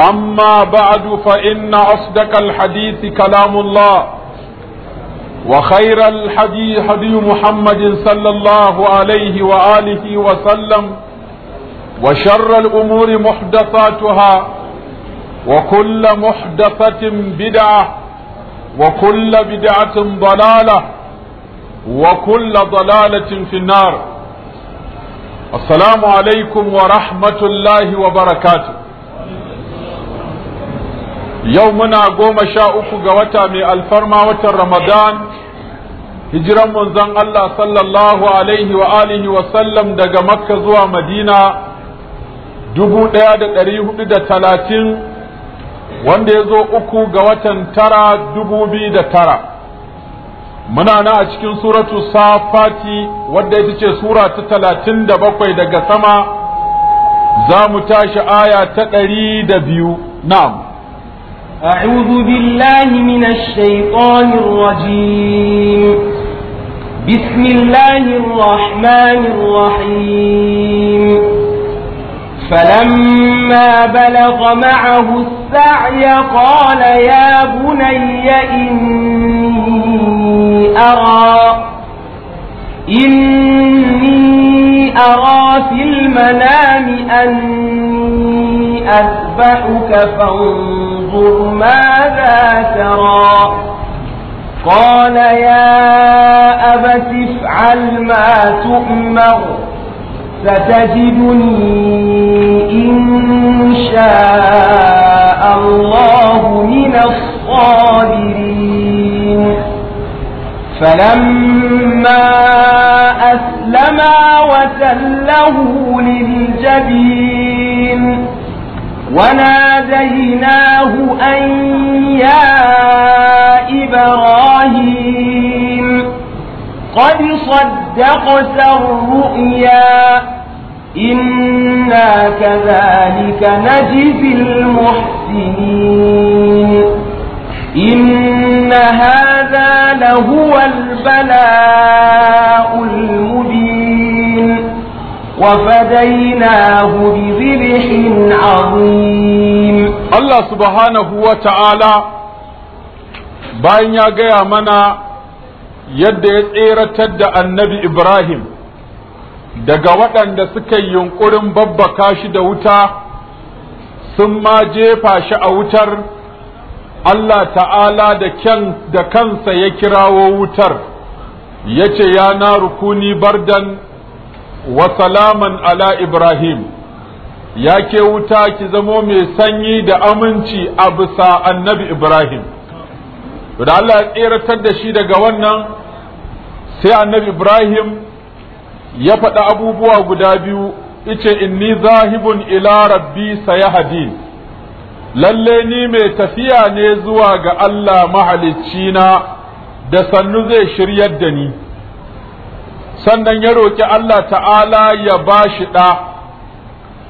أما بعد فإن أصدق الحديث كلام الله وخير الحديث حديث محمد صلى الله عليه وآله وسلم وشر الأمور محدثاتها وكل محدثة بدعة وكل بدعة ضلالة وكل ضلالة في النار السلام عليكم ورحمة الله وبركاته yau muna goma sha uku ga wata mai alfarma watan ramadan hijiran manzon Allah sallallahu alaihi wa alihi wa sallam daga makka zuwa madina dubu ɗaya da ɗari hudu da talatin wanda ya zo uku ga watan tara dubu biyu da tara muna na a cikin suratu safati wadda ita ce sura ta talatin da bakwai daga sama za mu tashi aya ta ɗari da biyu na'am أعوذ بالله من الشيطان الرجيم بسم الله الرحمن الرحيم فلما بلغ معه السعي قال يا بني إني أرى إني أرى في المنام أني أذبحك فانظر انظر ماذا ترى قال يا أبت افعل ما تؤمر ستجدني إن شاء الله من الصابرين فلما أسلما وتله للجبين وناديناه أن يا إبراهيم قد صدقت الرؤيا إنا كذلك نجزي المحسنين إن هذا لهو البلاء المبين وفديناه بذبح عظيم الله سبحانه وتعالى bayan ya gaya mana yadda ya tseratar da annabi Ibrahim daga waɗanda suka yi yunƙurin babbaka shi da wuta sun ma jefa shi a wutar Allah ta'ala da kansa ya kirawo wutar ya ce ya na rukuni bardan wa salaman ala ibrahim ya ke wuta ki zamo mai sanyi da aminci a bisa annabi ibrahim da Allah ya tseratar da shi daga wannan sai annabi ibrahim ya faɗa abubuwa guda biyu ice inni zahibun ila rabbi sayahdin lalle ni mai tafiya ne zuwa ga Allah mahalicci na da sannu zai shiryar da ni sannan ya roki Allah ta'ala ya ba shi ɗa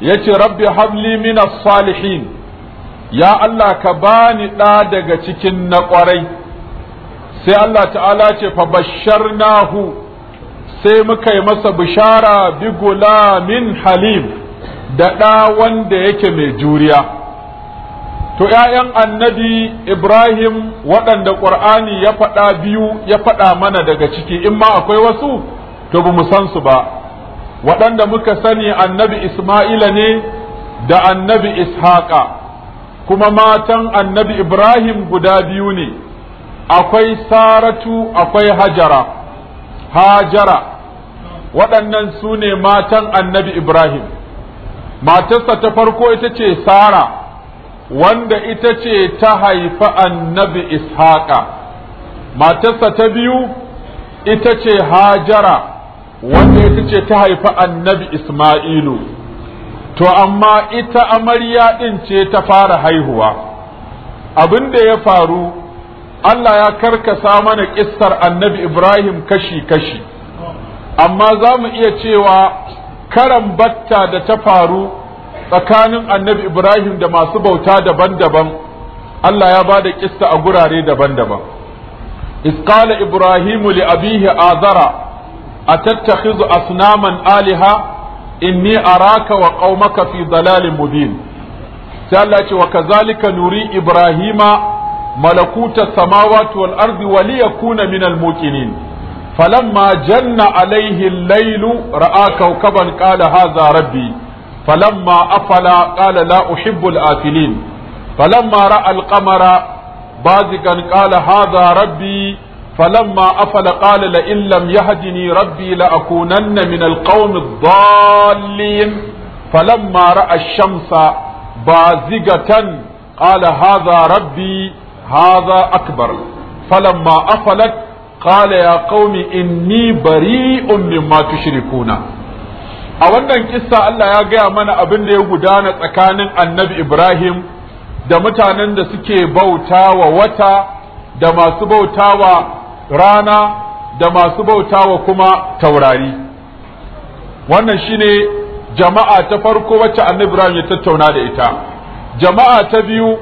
ya ce rabbi habli minas salihin ya Allah ka bani ɗa daga cikin na ƙwarai sai Allah ta'ala ce fa bashar nahu sai muka yi masa bishara bi gulamin halim da ɗa wanda yake mai juriya to ‘ya'yan annabi ibrahim waɗanda ƙur'ani ya faɗa biyu ya faɗa mana daga ciki in ma akwai wasu to ba mu san su ba waɗanda muka sani annabi Ismaila ne da annabi Ishaqa kuma matan annabi Ibrahim guda biyu ne akwai Saratu akwai Hajara Hajara waɗannan su ne matan annabi Ibrahim matarsa ta farko ita ce Sara wanda ita ce ta haifa annabi Ishaqa matarsa ta biyu ita ce Hajara wanda ya ce ta haifa annabi Ismailu to amma ita amarya ɗin ce ta fara haihuwa abin da ya faru Allah ya karkasa mana ƙissar annabi Ibrahim kashi-kashi amma za mu iya cewa karan batta da ta faru tsakanin annabi Ibrahim da masu bauta daban-daban Allah ya ba da ƙissa a gurare daban-daban. Iskala Ibrahimu li abihi azara أتتخذ أصناما آلهة إني أراك وقومك في ضلال مبين تالت وكذلك نري إبراهيم ملكوت السماوات والأرض وليكون من الموقنين فلما جن عليه الليل رأى كوكبا قال هذا ربي فلما أفل قال لا أحب الآفلين فلما رأى القمر بازقا قال هذا ربي فلما أفل قال لئن لم يهدني ربي لأكونن من القوم الضالين فلما رأى الشمس بازغة قال هذا ربي هذا أكبر فلما أفلت قال يا قوم إني بريء مما تشركون a wannan kissa Allah ya gaya mana abin da ya gudana tsakanin annabi Ibrahim da mutanen da suke bauta wa wata da masu bauta wa rana da masu bautawa kuma taurari wannan shine jama'a ta farko wacce annabi Ibrahim ya tattauna da ita jama'a ta biyu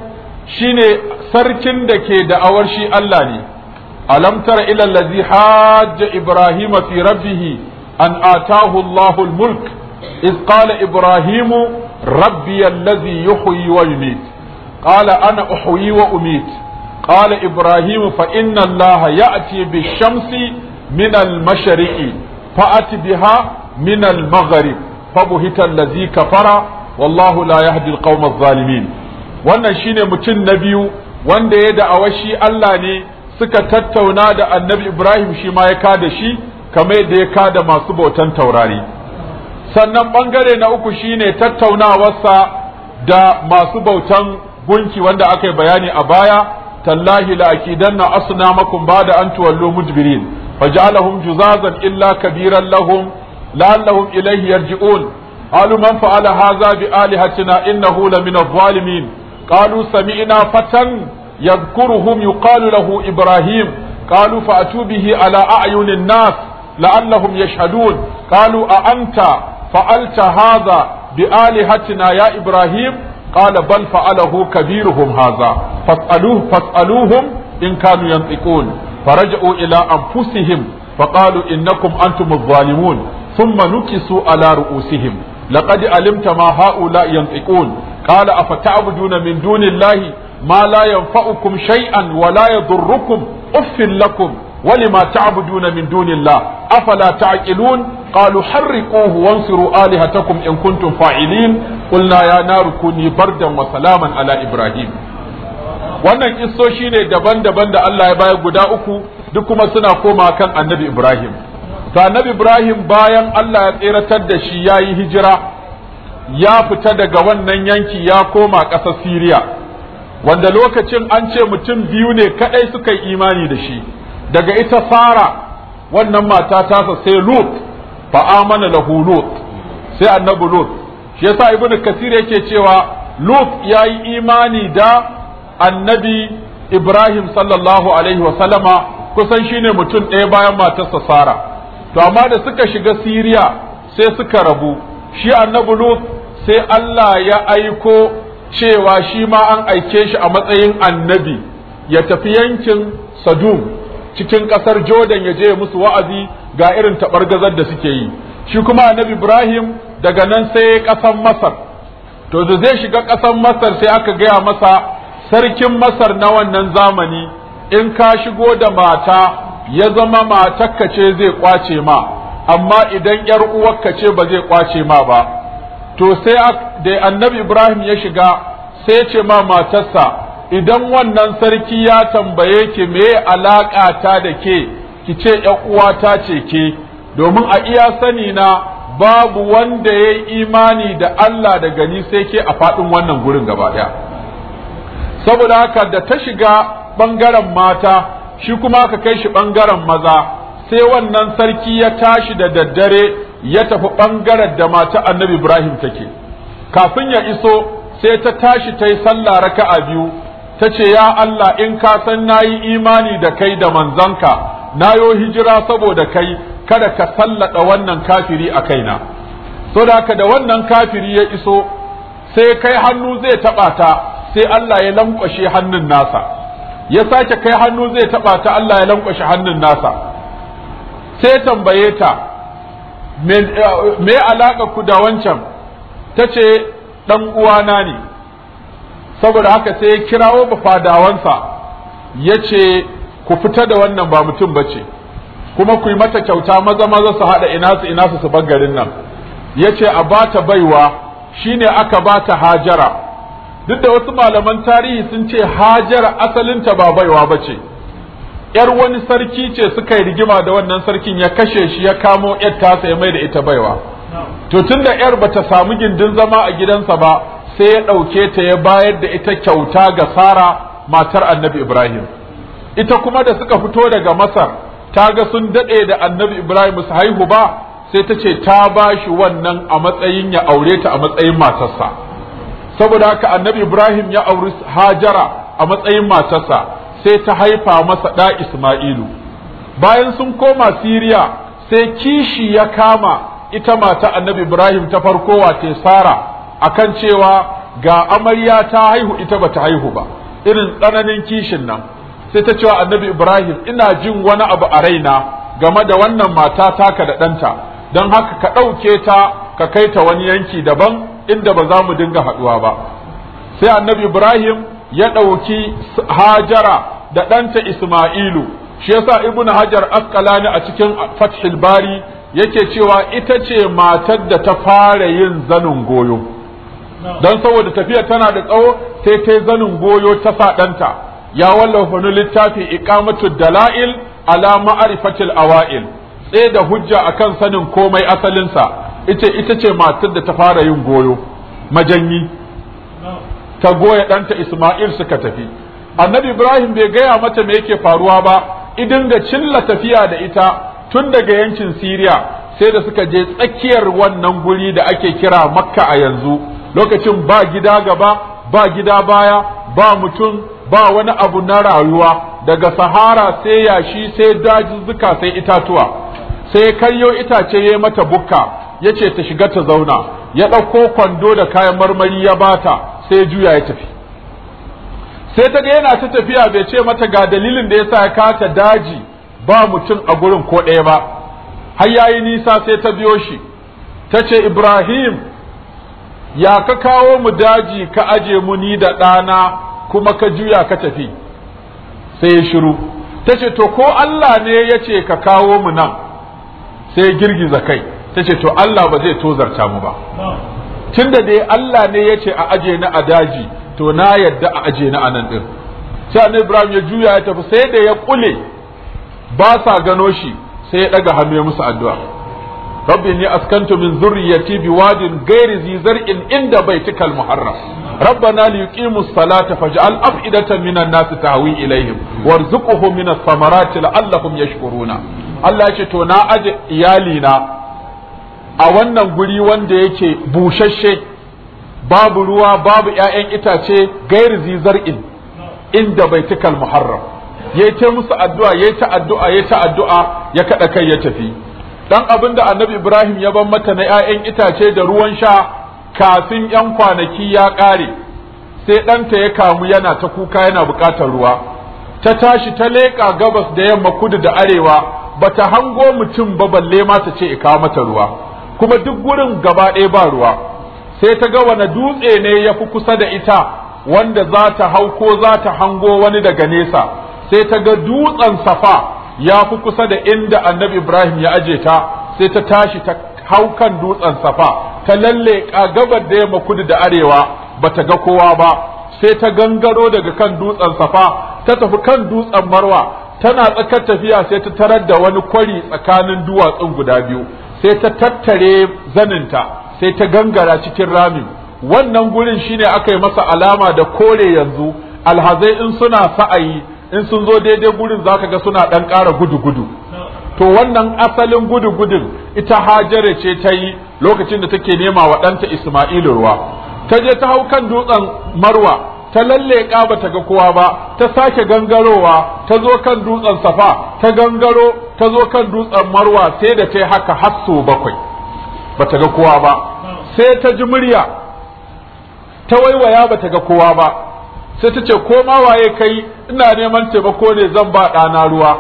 shine sarkin da ke da'awar shi Allah ne alam tara ila allazi hajja ibrahima fi rabbih an atahu Allahu al iz qala ibrahimu rabbi allazi yuhyi wa yumit qala ana uhyi wa umit qala ibrahim fa inna allaha ya'ti bish minal min al-mashriqi fa'ati biha min al-maghrib fabuhita allazi kafara wallahu la yahdi al wannan shine mutum na biyu wanda ya da shi Allah ne suka tattauna da annabi Ibrahim shi ma ya kada shi kamar yadda ya kada masu bautan taurari sannan bangare na uku shine tattaunawarsa da masu bautan gunki wanda aka yi bayani a baya tallahi la'akidan na asuna makon ba da an tuwallo mujibirin fa ja'alahum juzazan illa kabiran lahum la'allahum ilayhi yarji'un qalu man fa'ala hadha bi alihatina innahu la min sami'ina dhalimin qalu sami'na fatan yadhkuruhum yuqalu lahu ibrahim qalu fa'tu bihi ala a'yunin nas la'allahum yashhadun qalu a anta fa'alta hadha bi alihatina ya ibrahim qala bal fa'alahu kabiruhum hadha fas'aluhu fas'aluhum in kanu yantiqun فرجعوا إلى أنفسهم فقالوا إنكم أنتم الظالمون ثم نكسوا على رؤوسهم لقد علمت ما هؤلاء ينطقون قال أفتعبدون من دون الله ما لا ينفعكم شيئا ولا يضركم أف لكم ولما تعبدون من دون الله أفلا تعقلون قالوا حرقوه وانصروا آلهتكم إن كنتم فاعلين قلنا يا نار كوني بردا وسلاما على إبراهيم wannan kissoshi ne daban-daban da Allah ya bayar guda uku duk kuma suna koma kan annabi Ibrahim ta annabi Ibrahim bayan Allah ya tseratar da shi ya yi hijira ya fita daga wannan yanki ya koma ƙasar Siriya wanda lokacin an ce mutum biyu ne kaɗai suka yi imani da shi daga ita fara wannan mata ta sai lut fa amana lahu lut sai annabi lut shi yasa ibnu kasir yake cewa lut yayi imani da annabi ibrahim sallallahu alaihi wa sallama kusan shine mutum ɗaya bayan matarsa sara to amma da suka shiga siriya sai suka rabu shi annabi lut sai allah ya aiko cewa shi ma an aike shi a matsayin annabi ya tafi yankin sadum cikin ƙasar jordan ya je musu wa'azi ga irin taɓargazar da suke yi shi kuma annabi ibrahim daga nan sai ƙasar masar to da zai shiga ƙasar masar sai aka gaya masa sarkin masar na wannan zamani in ka shigo da mata ya zama matakka ce zai kwace ma amma idan yar uwarka ce ba zai kwace ma ba to sai da annabi ibrahim ya shiga sai ce ma matarsa idan wannan sarki ya tambaye ki me alaƙa ta da ke ki ce uwata ce ke domin a iya sani na babu wanda ya yi imani da Allah da gani sai ke a faɗin wannan gurin gaba ɗaya saboda haka da ta shiga ɓangaren mata shi kuma ka kai shi ɓangaren maza sai wannan sarki ya tashi da daddare ya tafi ɓangaren da mata annabi ibrahim take kafin ya iso sai ta tashi ta yi sallah raka'a biyu ta ce ya Allah in ka san yi imani da kai da manzanka na nayo hijira saboda kai kada ka sallada wannan kafiri a kaina so da haka da wannan kafiri ya iso sai kai hannu zai taba ta sai Allah ya lankwashe hannun nasa ya sake kai hannu zai taba ta Allah ya lankwashe hannun nasa sai tambaye ta me eh, alaka ku da wancan ta ce ɗan uwana ne saboda haka sai ya kirawo mafadawansa ya ce ku fita da wannan ba mutum ba ce kuma ku yi mata kyauta maza maza su haɗa ina su ina su su bar garin nan ya ce a ta baiwa shi ne aka ba ta hajara duk da wasu malaman tarihi sun ce hajara asalinta ba baiwa ba ce ‘yar wani sarki ce suka yi rigima da wannan sarkin ya kashe shi ya kamo ‘yar tasa ya mai da ita baiwa to tun da ‘yar bata samu gindin zama a gidansa ba sai ya ɗauke ta ya bayar da ita kyauta ga Sara matar annabi Ibrahim ita kuma da suka fito daga Masar ta ga sun daɗe da annabi Ibrahim su haihu ba sai ta ce ta ba shi wannan a matsayin ya aure ta a matsayin matarsa saboda haka annabi Ibrahim ya auri Hajara a matsayin matarsa sai ta haifa masa ɗa Isma'ilu bayan sun koma Siriya sai kishi ya kama ita mata annabi Ibrahim ta farko ta Sara akan cewa ga amarya ta haihu ita bata haihu ba irin tsananin kishin nan sai ta cewa annabi ibrahim ina jin wani abu a raina game da wannan mata taka da ɗanta don haka ka ɗauke ta ka kai ta wani yanki daban inda ba za mu dinga haɗuwa ba sai annabi ibrahim ya ɗauki hajara da ɗanta isma'ilu shi yasa ibn hajar askalani a cikin fathul bari yake cewa ita ce matar da ta fara yin zanin goyo don saboda tafiya tana da tsawo sai ta zanin goyo ta ɗanta. ya wallafa wani littafi iqamatu dala'il ala ma'rifatil awa'il sai da hujja akan sanin komai asalinsa ita ita ce matar da ta fara yin goyo majanyi ta goya ɗanta Ismail suka tafi annabi Ibrahim bai gaya mata me yake faruwa ba idan da cilla tafiya da ita tun daga yankin Siriya sai da suka je tsakiyar wannan guri da ake kira Makka a yanzu lokacin ba gida gaba ba gida baya ba mutum ba wani abu na rayuwa daga sahara sai yashi sai daji zuka sai itatuwa sai kanyo itace ya mata bukka ya ce ta shiga ta zauna ya ɗauko kwando da kayan marmari ya bata sai juya ya tafi sai ta ga yana ta tafiya bai ce mata ga dalilin da yasa ya kata daji ba mutum a gurin ko ɗaya ba har yayi nisa sai ta biyo shi ta ce ibrahim ya ka kawo mu daji ka aje mu ni da ɗana kuma ka juya ka tafi sai ya shiru ta ce to ko Allah ne ya ce ka kawo mu nan sai ya girgiza kai ta ce to Allah ba zai tozarta mu ba tunda dai Allah ne ya ce a aje ni a daji to na yadda a aje ni a nan ɗin sai annabi Ibrahim ya juya ya tafi sai da ya kule ba sa gano shi sai ya ɗaga hannu ya musu addu'a rabbi ni askantu min zurriyati biwadin ghairi zi zar'in inda baitikal muharram rabbana liyuqimus salata faj'al af'idatan minan nasi tahwi ilaihim warzuqhum minas samarati la'allahum yashkuruna Allah ya ce to na aje iyalina a wannan guri wanda yake bushashe babu ruwa babu ƴaƴan itace ghairi zi zar'in inda baitikal muharram yayi ta musu addu'a yayi ta addu'a yayi ta addu'a ya kaɗa kai ya tafi dan abin da annabi ibrahim ya ban mata na 'ya'yan itace da ruwan sha kafin 'yan kwanaki ya ƙare sai ɗanta ya kamu yana ta kuka yana buƙatar ruwa ta tashi ta leƙa gabas da yamma kudu da arewa bata hango mutum ba balle ma ta ce kawo mata ruwa kuma duk gurin gaba ɗaya ba ruwa sai ta ga wani dutse ne ya fi kusa da ita wanda za ta hau ko za ta hango wani daga nesa sai ta ga dutsen safa ya fi kusa da inda annabi ibrahim ya aje ta sai ta tashi ta hau kan dutsen safa ta lalle gabar da yamma kudu da arewa ba ta ga kowa ba sai ta gangaro daga kan dutsen safa ta tafi kan dutsen marwa tana tsakar tafiya sai ta tarar da wani kwari tsakanin duwatsun guda biyu sai ta tattare zaninta sai ta gangara cikin rami wannan gurin shine aka yi masa alama da kore yanzu alhazai in suna sa'ayi in sun zo daidai gurin za ka ga suna ɗan ƙara gudu-gudu to wannan asalin gudu-gudun ita hajara ce ta yi lokacin da take nema wa ɗanta isma'ilu ruwa ta je ta hau kan dutsen marwa ta lalle ba ta ga kowa ba ta sake gangarowa ta zo kan dutsen safa ta gangaro ta zo kan dutsen marwa sai da ta haka hasso bakwai ba ta ga kowa ba sai ta ji murya ta waiwaya ba ta ga kowa ba sai ta ce ko ma waye kai ina neman taimako ne zan ba ɗana ruwa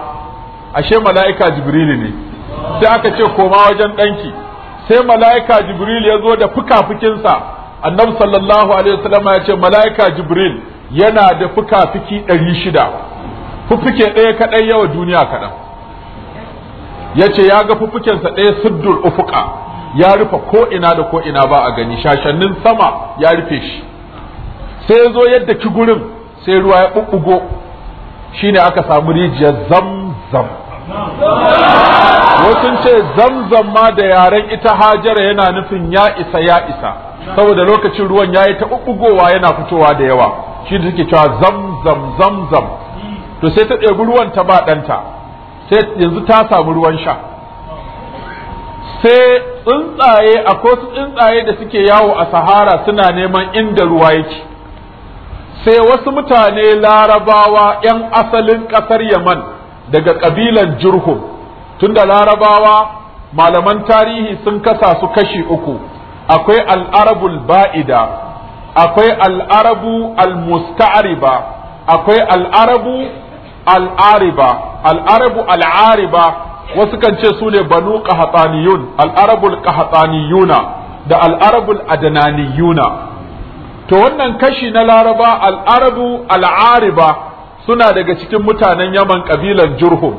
ashe mala'ika jibril ne sai aka ce koma wajen ɗanki sai mala'ika jibril ya zo da fuka-fukinsa annabi sallallahu alaihi wasallam ya ce mala'ika jibril yana da fuka-fuki ɗari shida fuffuke ɗaya kaɗai yawa duniya kaɗan ya ce ya ga fuffukensa ɗaya suddur ufuka ya rufe ko ina da ko ina ba a gani shashannin sama ya rufe shi sai zo yadda ki gurin sai ruwa ya ɓuɓɓugo shine aka samu rijiyar zamzam wasu ce zamzam ma da yaren ita hajara yana nufin ya isa ya isa saboda lokacin ruwan ya yi ta ɓuɓɓugowa yana fitowa da yawa shi da suke cewa zamzam zamzam to sai ta ɗebi ruwan ta ba ɗanta sai yanzu ta samu ruwan sha sai tsuntsaye akwai su tsuntsaye da suke yawo a sahara suna neman inda ruwa yake sai wasu mutane larabawa 'yan asalin ƙasar yaman daga ƙabilan jurhum tunda larabawa malaman tarihi sun kasa su kashi uku akwai al'arabul ba'ida akwai al'arabu al-musta'ariba akwai al'arabu al'ariba al'arabu al'ariba wasu kan ce su ne banu qahataniyun al'arabul qahataniyuna da al'arabul adananiyuna to wannan kashi na laraba al'arabu al'ariba suna daga cikin mutanen yaman kabilan jurhum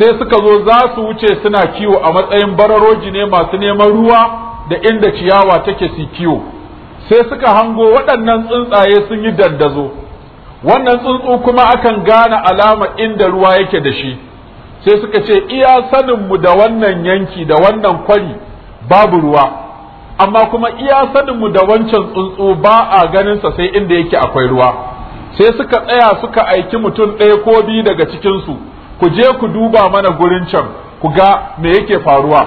sai suka zo za su wuce suna kiwo a matsayin bararoji ne masu neman ruwa da inda ciyawa take su kiwo sai suka hango waɗannan tsuntsaye sun yi dandazo wannan tsuntsu kuma akan gane alama inda ruwa yake da shi sai suka ce iya saninmu da wannan yanki da wannan kwari babu ruwa amma kuma iya mu da wancan tsuntsu ba a ganinsa sai inda yake akwai ruwa sai suka tsaya suka aiki mutum ɗaya ko biyu daga cikinsu ku je ku duba mana gurin can ku ga me yake faruwa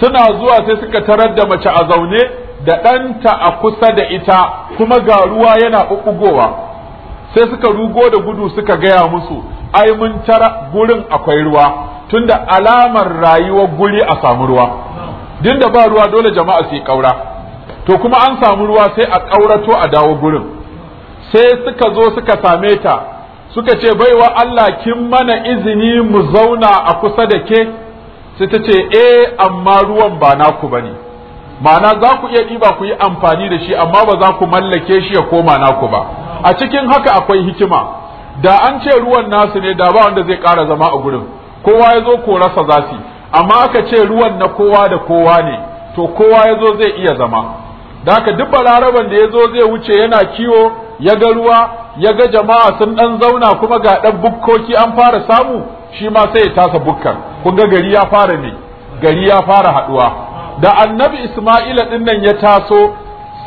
suna zuwa sai suka tarar da mace a zaune da ɗanta a kusa da ita kuma ga ruwa yana ɓuɓɓugowa sai suka rugo da gudu suka gaya musu ai mun tara gurin akwai ruwa tunda alamar rayuwar guri a samu ruwa din da ba ruwa dole jama'a su yi kaura to kuma an samu ruwa sai a kaurato a dawo gurin sai suka zo suka same ta suka ce baiwa Allah kin mana izini mu zauna a kusa da ke sai ta ce eh amma ruwan ba naku bane ma'ana za ku iya ɗiba ku yi amfani da shi amma ba za ku mallake shi ya koma naku ba a cikin haka akwai hikima da an ce ruwan nasu ne da ba wanda zai ƙara zama a gurin kowa ya zo ko rasa zasi amma aka ce ruwan na kowa da kowa ne to kowa yazo zai iya zama da aka duk balaraban da ya zo zai wuce yana kiwo ya ga ruwa ya ga jama'a sun ɗan zauna kuma ga ɗan bukkoki an fara samu shi ma sai ya tasa bukkar kun ga gari ya fara ne gari ya fara haɗuwa da annabi isma'ila ɗin nan ya taso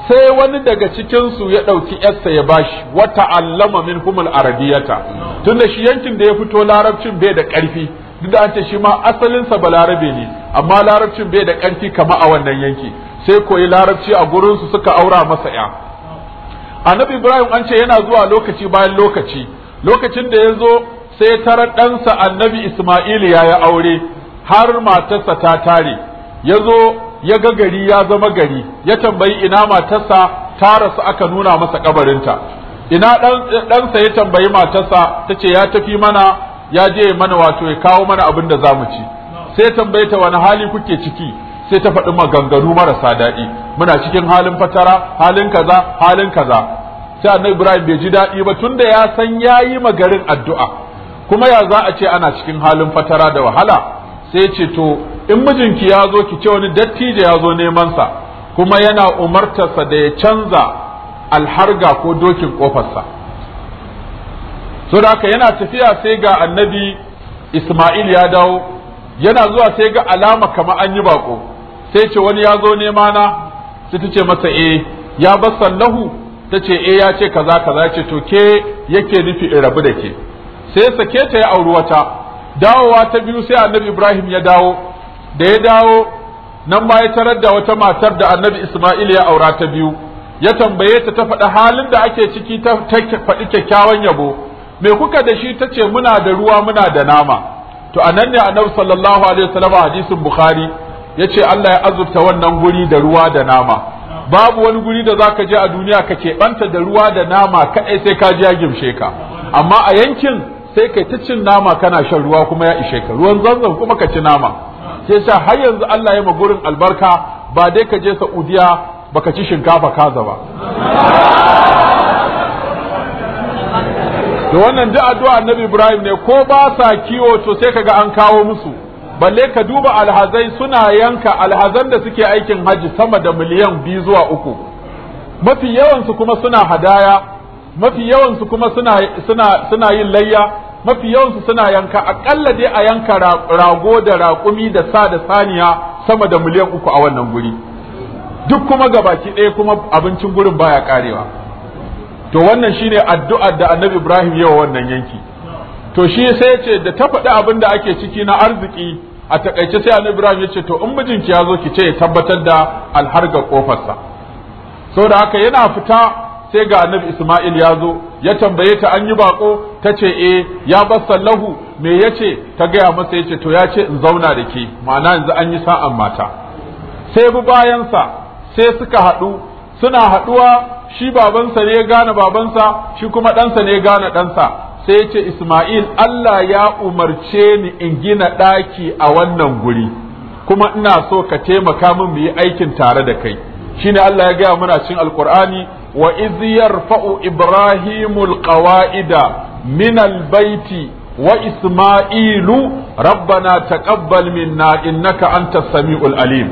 sai wani daga cikinsu ya ɗauki yarsa ya bashi wata allama min humul arabiyata tunda shi yankin da ya fito larabcin bai da ƙarfi duk da an ce shi ma asalinsa ba larabe ne amma larabcin bai da ƙarfi kama a wannan yanki sai koyi larabci a gurinsu suka aura masa ya annabi ibrahim an ce yana zuwa lokaci bayan lokaci lokacin da ya zo sai tarar ɗansa annabi isma'il ya yi aure har matarsa ta tare ya zo ya ga gari ya zama gari ya tambayi ina matarsa ta rasu aka nuna masa kabarinta ina ɗansa ya tambayi matarsa ta ce ya tafi mana ya je mana wato ya kawo mana abin da zamu ci sai tambaye ta wani hali kuke ciki sai ta faɗi maganganu marasa daɗi muna cikin halin fatara halin kaza halin kaza sai annabi Ibrahim bai ji daɗi ba tunda ya san yayi magarin addu'a kuma ya za a ce ana cikin halin fatara da wahala sai ce to in mijinki ya zo ki ce wani dattijo ya zo neman sa kuma yana umartarsa da ya canza alharga ko dokin kofarsa so haka yana tafiya sai ga annabi Ismail ya dawo yana zuwa sai ga alama kamar an yi bako sai ce wani ya zo nema na sai ta ce masa eh ya bar sallahu ta ce eh ya ce kaza kaza ce to ke yake nufi in rabu da ke sai sake ta ya auri wata dawowa ta biyu sai annabi Ibrahim ya dawo da ya dawo nan ma ya tarar da wata matar da annabi Ismail ya aura ta biyu ya tambaye ta ta faɗi halin da ake ciki ta faɗi kyakkyawan yabo me kuka da shi ta ce muna da ruwa muna da nama to a nan ne annabi sallallahu alaihi wasallam hadisin bukhari yace Allah ya azurta wannan guri da ruwa da nama babu wani guri da zaka je a duniya ka keɓanta da ruwa da nama kaɗai sai ka ji ya gimshe ka amma a yankin sai kai ta cin nama kana shan ruwa kuma ya ishe ka ruwan zanzan kuma ka ci nama sai sa har yanzu Allah ya ma gurin albarka ba dai ka je Saudiya baka ci shinkafa kaza ba Da wannan da addu'a annabi Ibrahim ne ko ba sa kiwo to sai kaga an kawo musu balle ka duba alhazai suna yanka alhazan da suke aikin haji sama da miliyan biyu zuwa uku mafi yawansu kuma suna hadaya mafi yawansu kuma suna suna suna yin layya mafi yawansu suna yanka akalla dai a yanka rago da raƙumi da sa da saniya sama da miliyan uku a wannan guri duk kuma gabaki ɗaya kuma abincin gurin baya karewa to wannan shine addu'ar da annabi ibrahim yawa wannan yanki to shi sai ce da ta faɗi abin da ake ciki na arziki a takaice sai annabi ibrahim ya ce to in mijinki ya zo ki ce ya tabbatar da alharga kofarsa saboda haka yana fita sai ga annabi isma'il ya zo ya tambaye ta an yi bako ta ce eh ya basallahu me ya ce ta gaya masa ya ce to ya ce in zauna da ke ma'ana yanzu an yi sa'an mata sai bi bayansa sai suka haɗu suna haɗuwa shi babansa ne ya gane babansa shi kuma ɗansa ne ya gane ɗansa sai ya ce Ismail Allah ya umarce ni in gina ɗaki a wannan guri kuma ina so ka taimaka min mu yi aikin tare da kai shine Allah ya gaya muna cikin Alkur'ani wa iz yarfa'u Ibrahimul qawa'ida min al wa Ismailu rabbana taqabbal minna innaka antas samiul alim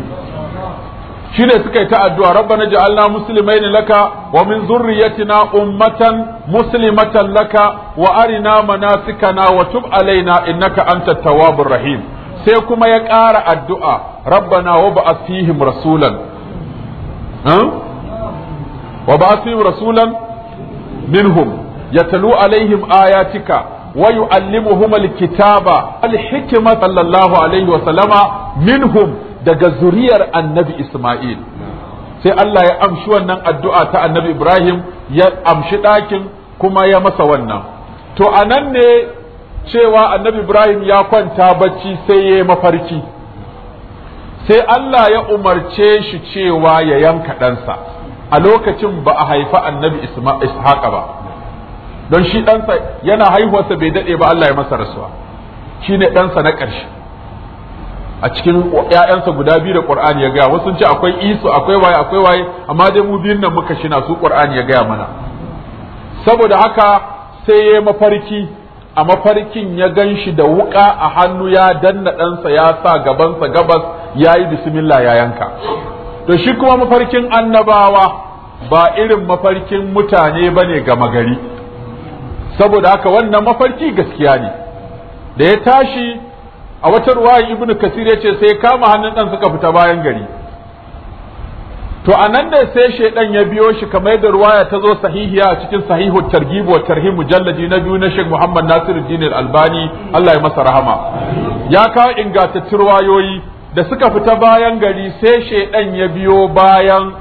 shi ne suka yi ta addu'a rabbana ja'alna muslimaini laka wa min zurriyatina ummatan muslimatan laka wa arina manasikana wa tub alaina innaka antat tawwabur rahim sai kuma ya ƙara addu'a rabbana wa ba'ath fihim rasulan wa ba'ath fihim rasulan minhum yatlu alaihim ayatika wa yu'allimuhum alkitaba alhikma sallallahu alaihi wa sallama minhum daga zuriyar annabi Ismail sai Allah ya amshi wannan addu'a ta annabi Ibrahim ya amshi ɗakin kuma ya masa wannan to a nan ne cewa annabi Ibrahim ya kwanta bacci sai ya mafarki sai Allah ya umarce shi cewa ya yanka ɗansa a lokacin ba a haifa annabi Ishaqa ba don shi ɗansa yana haihuwarsa bai daɗe ba Allah ya masa rasuwa shine ɗansa na ƙarshe a cikin ƴaƴansa guda biyu da Qur'ani ya gaya wasu sun ce akwai Isu akwai waye akwai waye amma dai mu biyun nan muka shina su Qur'ani ya gaya mana saboda haka sai ya mafarki a mafarkin ya ganshi da wuka a hannu ya danna ɗansa ya sa gabansa gabas ya yi bismillah ya yanka to shi kuma mafarkin annabawa ba irin mafarkin mutane bane ne gama gari saboda haka wannan mafarki gaskiya ne da ya tashi a wata ruwaya ibn kasir ya ce sai kama hannun dan suka fita bayan gari to anan da sai shaidan ya biyo shi kamar da ruwaya ta zo sahihiya a cikin sahihu targhib wa tarhim mujalladi na biyu na Sheikh Muhammad Nasiruddin Al-Albani Allah ya masa rahama ya kawo ingantattun ruwayoyi da suka fita bayan gari sai shaidan ya biyo bayan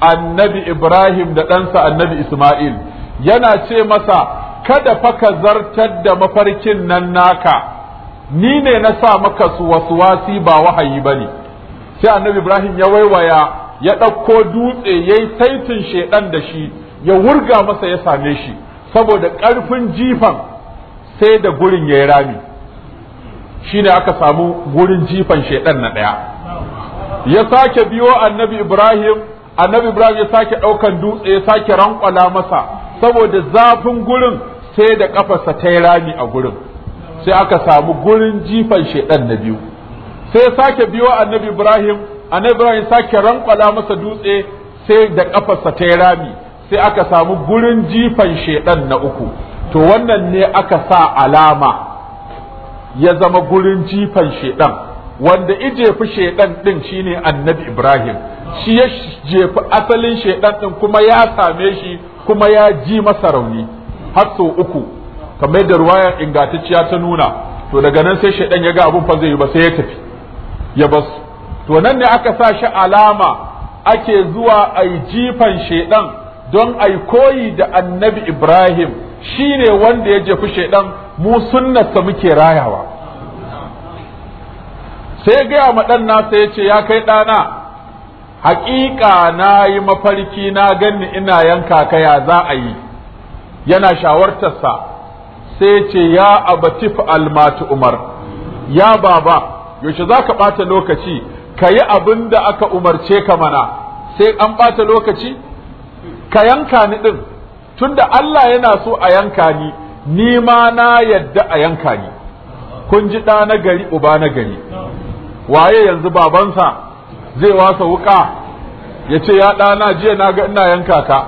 annabi Ibrahim da ɗansa annabi Ismail yana ce masa kada fa ka zartar da mafarkin nan naka ni ne na sa maka su wasu wasi ba wahayi ba ne sai annabi ibrahim ya waiwaya ya ɗauko dutse ya yi taitin shaidan da shi ya wurga masa ya same shi saboda ƙarfin jifan sai da gurin ya yi rami shi ne aka samu gurin jifan shaidan na ɗaya ya sake biyo annabi ibrahim annabi ibrahim ya sake ɗaukan dutse ya sake rankwala masa saboda zafin gurin sai da ƙafarsa ta yi rami a gurin sai aka samu gurin jifan shaidan na biyu sai sake biyo annabi ibrahim annabi ibrahim sake rankwala masa dutse sai da kafarsa ta rami sai aka samu gurin jifan shaidan na uku to wannan ne aka sa alama ya zama gurin jifan shaidan wanda ijefi shaidan din shine annabi ibrahim shi ya jefi asalin shaidan din kuma ya same shi kuma ya ji masa rauni har sau uku kamar da ruwaya ingantacciya ta nuna to daga nan sai shaidan ya ga abun fa zai yi ba sai ya tafi ya bas to nan ne aka sa shi alama ake zuwa a yi jifan shaidan don a yi koyi da annabi ibrahim shi ne wanda ya jefi shaidan mu sunnarsa muke rayawa sai ya gaya ma ɗan nasa ya ce ya kai ɗana haƙiƙa na yi mafarki na ganni ina yanka kaya za a yi yana shawartarsa sai ce ya abatif almatu umar ya baba yaushe za ka ɓata lokaci ka yi abin da aka umarce ka mana sai an ɓata lokaci ka yanka ni ɗin tunda Allah yana so a yanka ni ni ma na yadda a yanka ni kun ji ɗa na gari uba na gari waye yanzu babansa zai wasa wuka ya ce ya ɗana jiya na ga ina yanka ka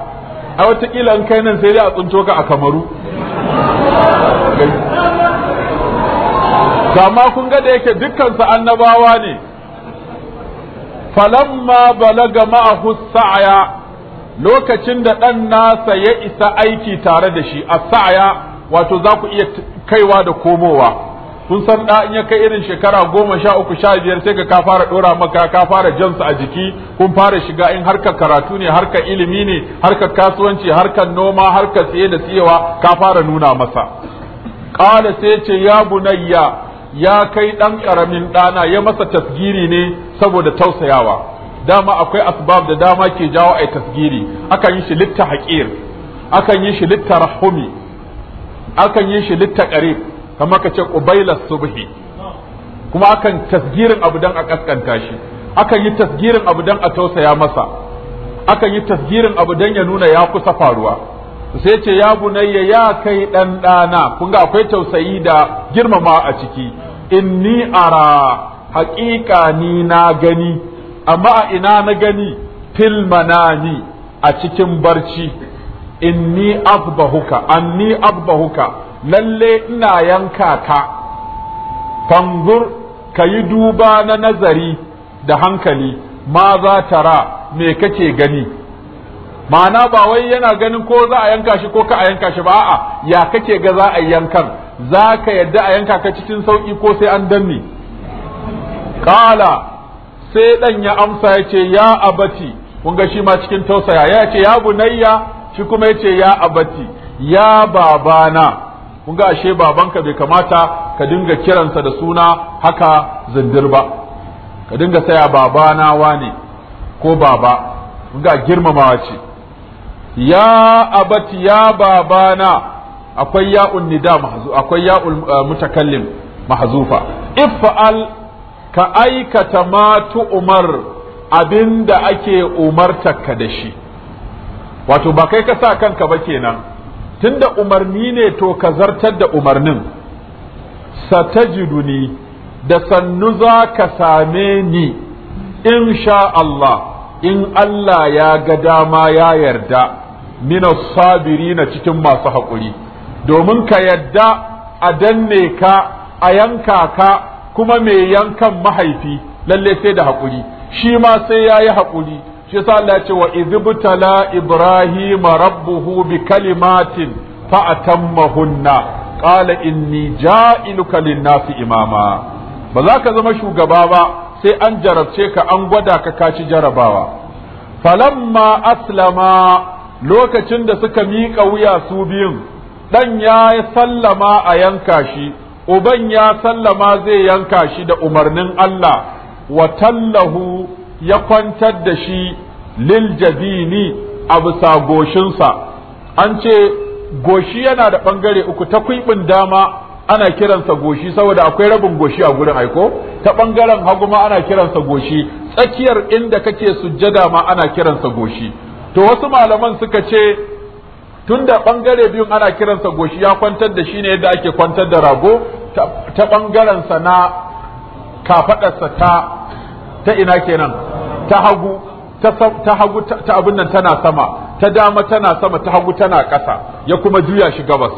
a watakila in kai nan sai dai a tsinto ka a kamaru kai kama kun ga da yake dukkansu annabawa ne falamma balaga ma'ahu sa'aya lokacin da ɗan nasa ya isa aiki tare da shi a sa'aya wato za ku iya kaiwa da komowa kun san da in ya kai irin shekara goma sha uku sha biyar sai ka fara dora maka ka fara jansu a jiki kun fara shiga in harkar karatu ne harka ilimi ne harkar kasuwanci harkar noma harka siye da siyewa ka fara nuna masa kala sai ce ya bunayya ya kai dan karamin dana ya masa tasgiri ne saboda tausayawa dama akwai asbab da dama ke jawo ai tasgiri akan yi shi litta haƙir akan yi shi litta rahumi akan yi shi litta kare, kamar ka ce qubaila subhi kuma akan tasgirin abu dan a kaskanta shi akan yi tasgirin abu dan a tausaya masa akan yi tasgirin abu dan ya nuna ya kusa faruwa sai ce ya bunayya ya kai dan dana kun ga akwai tausayi da girmama a ciki inni ara haƙiƙa ni na gani amma a ina na gani fil manani a cikin barci inni afbahuka anni afbahuka lalle ina yanka ka fangur kayi duba na nazari da hankali ma za tara me kake gani ma'ana ba wai yana ganin ko za a yanka shi ko ka a yanka shi ba a'a ya kake ga za a yankan za ka yadda a yanka ka cikin sauki ko sai an danne kala sai dan ya amsa ya ce ya abati kun ga shi ma cikin tausaya ya ce ya bunayya shi kuma ya ce ya abati ya babana kun ga ashe babanka bai kamata ka dinga kiransa da suna haka zindir ba ka dinga saya babana wane ko baba kun ga girmamawa ce ya abat ya babana akwai ya'un nida akwai ya'ul eh, mutakallim mahzufa if'al ka aikata ma umar abinda ake umartarka da shi wato ba kai ka sa kanka ba kenan tunda umarni ne to ka zartar da umarnin satajiduni da sannu za ka same ni in sha Allah in Allah ya ga dama ya yarda min sabirina cikin masu haƙuri domin ka yadda a danne ka a yanka ka kuma mai yankan mahaifi lalle sai da haƙuri shi ma sai ya yi haƙuri shi yasa Allah ce wa izibtala ibrahima rabbuhu bi kalimatin fa atammahunna qala inni ja'iluka lin-nasi imama ba za ka zama shugaba ba sai an jarabce ka an gwada ka kaci jarabawa falamma aslama lokacin da suka miƙa wuya su biyun ɗan ya sallama a yanka shi uban ya sallama zai yanka shi da umarnin Allah wa tallahu ya kwantar da shi lil jabini a bisa goshinsa an ce goshi yana da ɓangare uku ta kwiɓin dama ana kiransa goshi saboda akwai rabin goshi a gurin aiko ta ɓangaren haguma ana kiransa goshi tsakiyar inda kake sujjada ma ana kiransa goshi to wasu malaman suka ce tunda bangare biyun ana kiransa goshi ya kwantar da shi ne yadda ake kwantar da rago ta ɓangarensa na kafadarsa ta ta ina kenan ta hagu ta hagu ta abin nan tana sama ta dama tana sama ta hagu tana ƙasa ya kuma juya shi gabas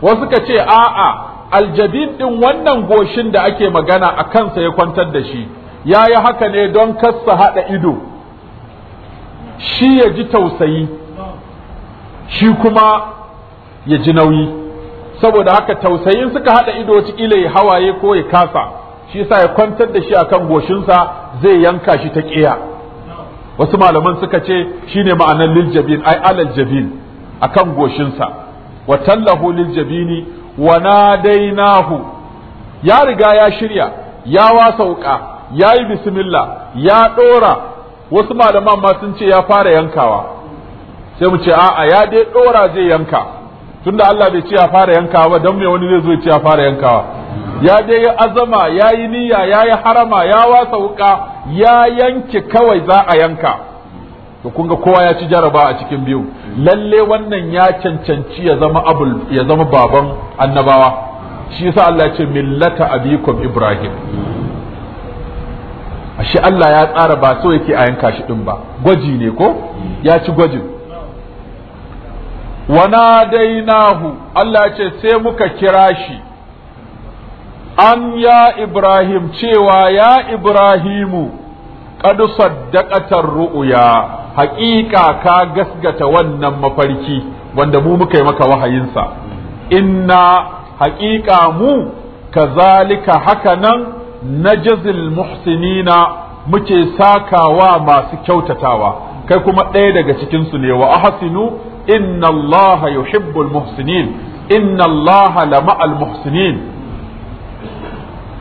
wasu suka ce a'a aljabin ɗin wannan goshin da ake magana a kansa ya kwantar da shi ya yi haka ne don kassa haɗa ido shi ya ji tausayi shi kuma ya ji nauyi saboda haka tausayin suka haɗa ido ile ya hawaye ko ya kasa shi yasa ya kwantar da shi akan goshinsa zai yanka shi ta ƙiya wasu malaman suka ce shi ne ma'anar lil ai alal jabin akan goshinsa wa tallahu lil jabini wa nadainahu ya riga ya shirya ya wasa wuka ya yi bismillah ya ɗora wasu malaman ma sun ce ya fara yankawa sai mu ce a'a ya dai dora zai yanka tunda Allah bai ce ya fara yankawa ba dan me wani zai zo ya ce ya fara yankawa ya dai azama ya yi niyya ya yi harama ya wasa wuka ya yanke kawai za a yanka to kun kowa ya ci jaraba a cikin biyu lalle wannan ya cancanci ya zama abul ya zama baban annabawa shi yasa Allah ya ce millata abikum ibrahim ashe Allah ya tsara ba so yake a yanka shi ɗin ba gwaji ne ko ya ci gwajin wana dainahu Allah ce sai muka kira shi an ya Ibrahim cewa ya Ibrahimu kad saddaqatar ru'ya haƙiƙa ka gasgata wannan mafarki wanda mu muka yi maka wahayinsa inna haƙiƙa mu kazalika haka nan najzil muhsinina muke sakawa masu kyautatawa kai kuma ɗaya daga cikin su ne wa ahsinu inna allaha yuhibbul muhsinin inna allaha lama'al muhsinin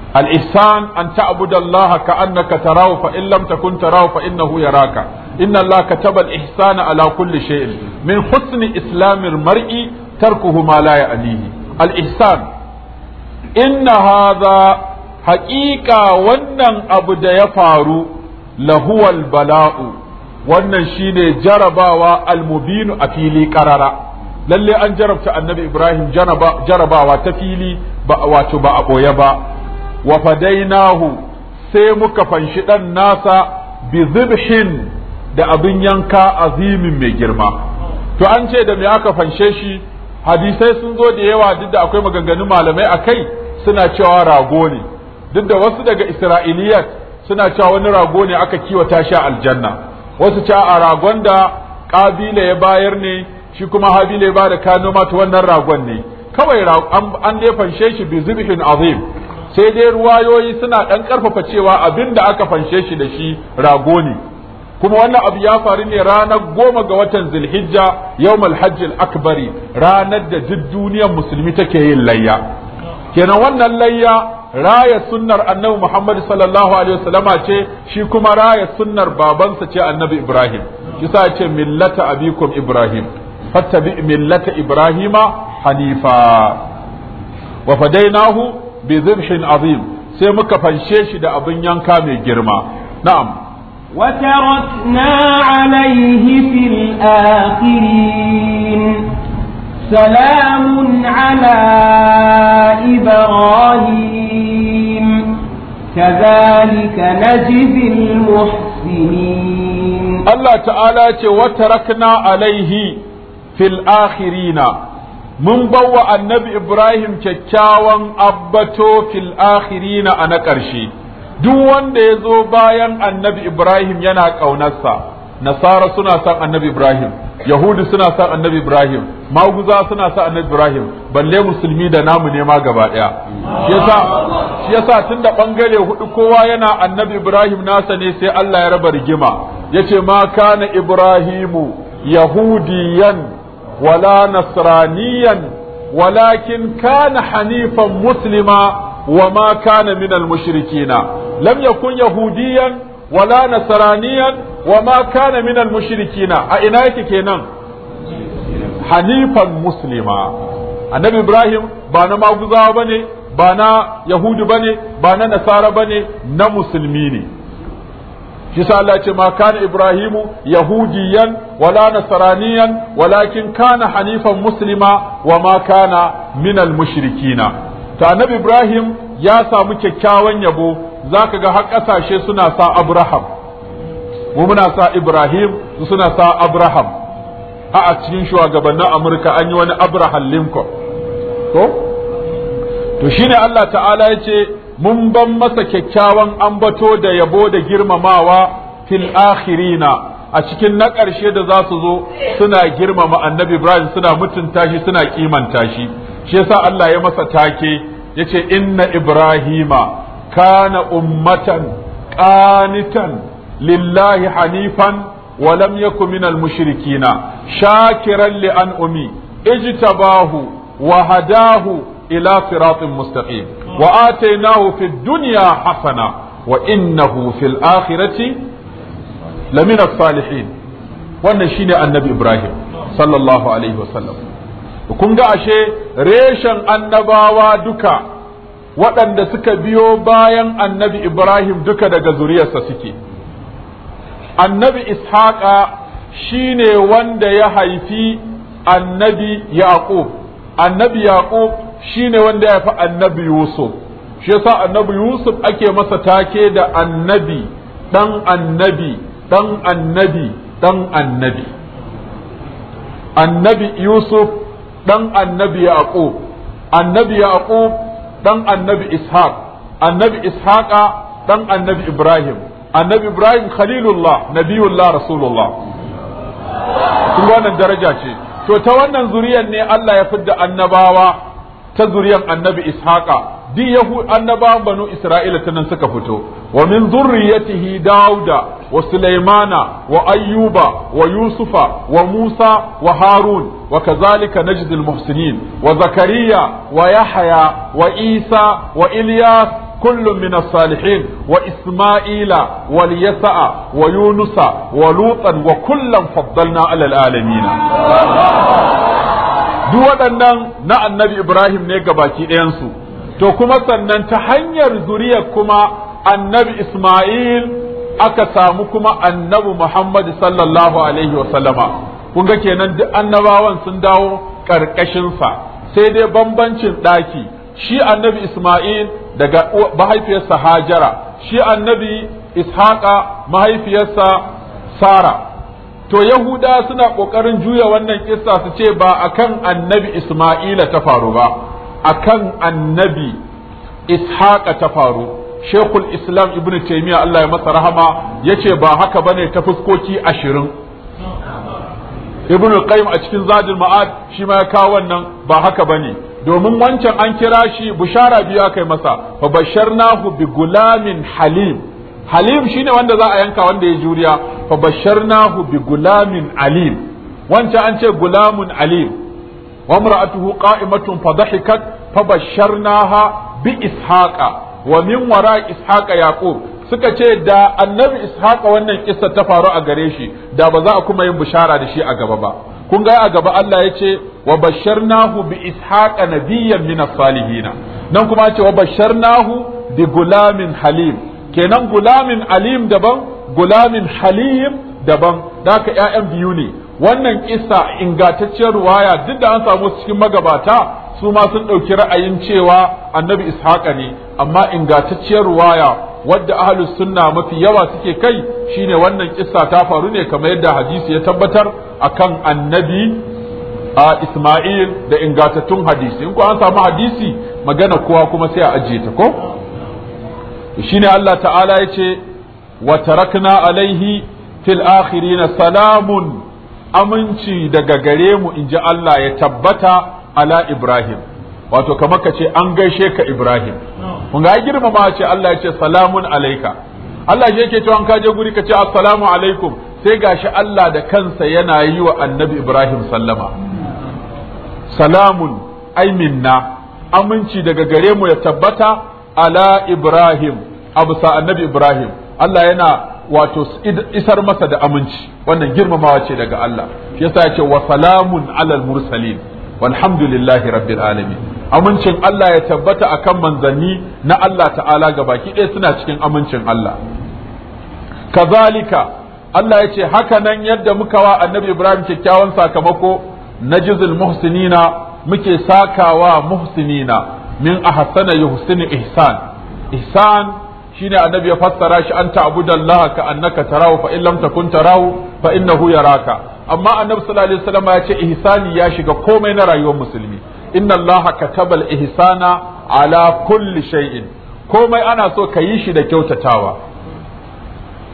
الإحسان أن تعبد الله كأنك تراه فإن لم تكن تراه فإنه يراك إن الله كتب الإحسان على كل شيء من حسن إسلام المرء تركه ما لا يأليه الإحسان إن هذا haƙiƙa wannan abu da ya faru lahuwal bala'u wannan shine jarabawa almubinu a fili ƙarara lalle an jarabta annabi ibrahim jarabawa ta fili ba wato ba a ɓoye ba wa fadainahu sai muka fanshi ɗan nasa bi zibhin da abin yanka azimin mai girma to an ce da me aka fanshe shi hadisai sun zo da yawa duk da akwai maganganu malamai akai suna cewa rago ne duk da wasu daga isra'iliyat suna cewa wani rago ne aka kiwata shi aljanna wasu cewa a ragon da kabila ya bayar ne shi kuma habila ya bada kano mata wannan ragon ne kawai an dai fanshe shi bi zubhin azim sai dai ruwayoyi suna dan karfafa cewa abin da aka fanshe shi da shi rago ne kuma wannan abu ya faru ne ranar goma ga watan zulhijja yawmal hajjil akbari ranar da duk duniyar musulmi take yin layya kenan wannan layya raya sunnar annabi Muhammad sallallahu alaihi wasallama ce shi kuma raya sunnar babansa ce annabi Ibrahim kisa ce millata abikum Ibrahim fattabi millata Ibrahima hanifa wa fadainahu bi zibhin azim sai muka fanshe shi da abin yanka mai girma na'am وتركنا عليه في الآخرين سلام على إبراهيم كذلك نجزي المحسنين الله تعالى وتركنا عليه في الآخرين من بوى النبي إبراهيم تشاوان أبتو في الآخرين أنا كرشي duk wanda ya zo bayan annabi Ibrahim yana ƙaunarsa, nasara suna son annabi Ibrahim, Yahudi suna sa annabi ibrahim maguza suna sa annabi ibrahim balle musulmi da namu ne ma gaba daya shi yasa tunda bangare hudu kowa yana annabi ibrahim nasa ne sai Allah ya raba rigima ce ma kana ibrahimu yahudiyan wala nasraniyan walakin kana hanifan muslima وما كان من المشركين لم يكن Yahudiyan. wala nasraniyan wama kana minal mushrikina a ina yake nan? hanifan muslima annabi ibrahim ba na maguzawa bane ba na yahudu bane ba na nasara bane na musulmi ne shi sa Allah ce ma kana ibrahimu yahudiyan wala nasaraniyan walakin kana hanifan muslima wa ma kana minal mushrikina ta annabi ibrahim ya samu kyakkyawan yabo za ka ga har ƙasashe suna sa abraham mu muna sa ibrahim suna sa abraham a a cikin shugabannin amurka an yi wani abraham lincoln to to shine allah ta'ala ya ce mun ban masa kyakkyawan ambato da yabo da girmamawa fil akhirina a cikin na ƙarshe da za su zo suna girmama annabi ibrahim suna mutunta shi suna kimanta shi shi yasa allah ya masa take yace inna ibrahima kana ummatan qanitan lillahi hanifan wa lam yakun minal mushrikina shakiran li an'umi ijtabahu wa hadahu ila siratin mustaqim wa atainahu fid dunya hasana wa innahu fil akhirati lamina salihin wannan shine annabi ibrahim sallallahu alaihi wasallam kun ga ashe reshen annabawa duka waɗanda suka biyo bayan annabi ibrahim duka daga zuriyarsa suke annabi ishaqa shine wanda ya haifi annabi yaqub annabi yaqub shine wanda ya haifi annabi yusuf shi yasa annabi yusuf ake masa take da annabi dan annabi dan annabi dan annabi annabi yusuf Ɗan annabi yaqub annabi yaƙub ɗan annabi ishaq annabi ishaqa ɗan annabi ibrahim annabi ibrahim khalilullah nabiyullah rasulullah kun wannan daraja ce to ta wannan zuriyar ne Allah ya fidda annabawa ta zuriyar annabi ishaqa di yahu annabawan banu isra'ila ta nan suka fito wa min zurriyatihi dauda wa Suleimana wa ayyuba wa yusufa wa musa wa harun wa kazalika Najdilmuhsinin wa zakariya wa yahya wa isa wa ilyas كل من الصالحين وإسماعيل واليسع ويونس ولوطا وكلا فضلنا على العالمين duk waɗannan na annabi Ibrahim ne gabaki ɗayansu, to kuma sannan ta hanyar zuriyar kuma annabi Ismail aka samu kuma annabi Muhammad sallallahu alaihi wa sallama kun ga kenan duk annabawan sun dawo karkashinsa sai dai bambancin ɗaki shi annabi Ismail daga mahaifiyarsa Hajara shi annabi Ishaqa mahaifiyarsa Sara to Yahuda suna ƙoƙarin juya wannan kissa su ce ba akan annabi Ismaila ta faru ba akan annabi Ishaqa ta faru shekul islam ibn taimiya Allah ya masa rahama ya ce ba haka bane ta fuskoki ashirin ibn qayyim a cikin zadin ma'ad shi ma ya kawo wannan ba haka bane domin wancan an kira shi bushara biyu aka yi masa fa basharnahu bi gulamin halim halim shine wanda za a yanka wanda ya juriya fa basharnahu bi gulamin alim wancan an ce gulamun alim wa imra'atuhu qa'imatun fa dhahikat fa basharnaha bi ishaqa wa min wara ishaqa yaqub suka ce da annabi ishaqa wannan kissa ta faru a gare shi da ba za a kuma yin bishara da shi a gaba ba kun ga a gaba Allah ya ce wa basharnahu bi ishaqa nabiyyan min salihin nan kuma ce wa basharnahu bi gulamin halim kenan gulamin alim daban gulamin halim daban da ƴaƴan biyu ne wannan kissa ingantacciyar ruwaya duk da an samu cikin magabata su ma sun ɗauki ra'ayin cewa annabi ishaqa ne amma ingantacciyar ruwaya wadda ahlus sunna mafi yawa suke kai shine wannan kissa ta faru ne kamar yadda hadisi ya tabbatar akan annabi a isma'il da ingantattun hadisi in ko an samu hadisi magana kowa kuma sai a ajiye ta ko shine Allah ta'ala ya ce wa tarakna alaihi fil akhirina salamun aminci daga gare mu inji Allah ya tabbata ala ibrahim wato kamar ka ce an gaishe ka ibrahim kun ga girmama ce Allah ya ce salamun alaika Allah shi yake cewa an kaje guri ka ce assalamu alaikum sai gashi Allah da kansa yana yi wa annabi ibrahim sallama salamun ai minna aminci daga gare mu ya tabbata ala ibrahim abu sa annabi ibrahim Allah yana wato isar masa da aminci wannan girmamawa ce daga Allah yasa ya ce wa salamun alal mursalin walhamdulillahi rabbil alamin amincin Allah ya tabbata akan manzanni na Allah ta'ala ga baki ɗaya suna cikin amincin Allah kazalika Allah ya ce haka nan yadda muka wa annabi Ibrahim kyakkyawan sakamako na jizil muhsinina muke sakawa muhsinina min ahsana yuhsinu ihsan ihsan shine annabi ya fassara shi anta abudallaha ka annaka tarawu fa in lam takun tarawu fa innahu yaraka amma annabi sallallahu alaihi wasallam ya ce ihsani ya shiga komai na rayuwar musulmi inna Allah kataba al-ihsana ala kulli shay'in komai ana so ka yi shi da kyautatawa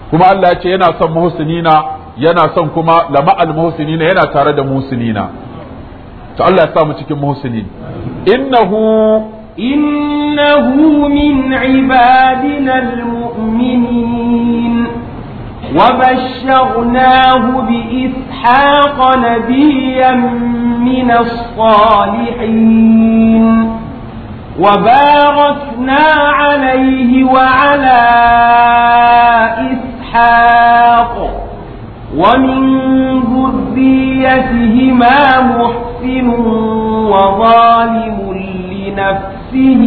kuma Allah ya ce yana son muhsinina yana son kuma lama al-muhsinina yana tare da muhsinina to Allah ya sa mu cikin muhsinin innahu innahu min ibadina al-mu'minin وبشرناه بإسحاق نبيا من الصالحين وباركنا عليه وعلى إسحاق ومن ذريتهما محسن وظالم لنفسه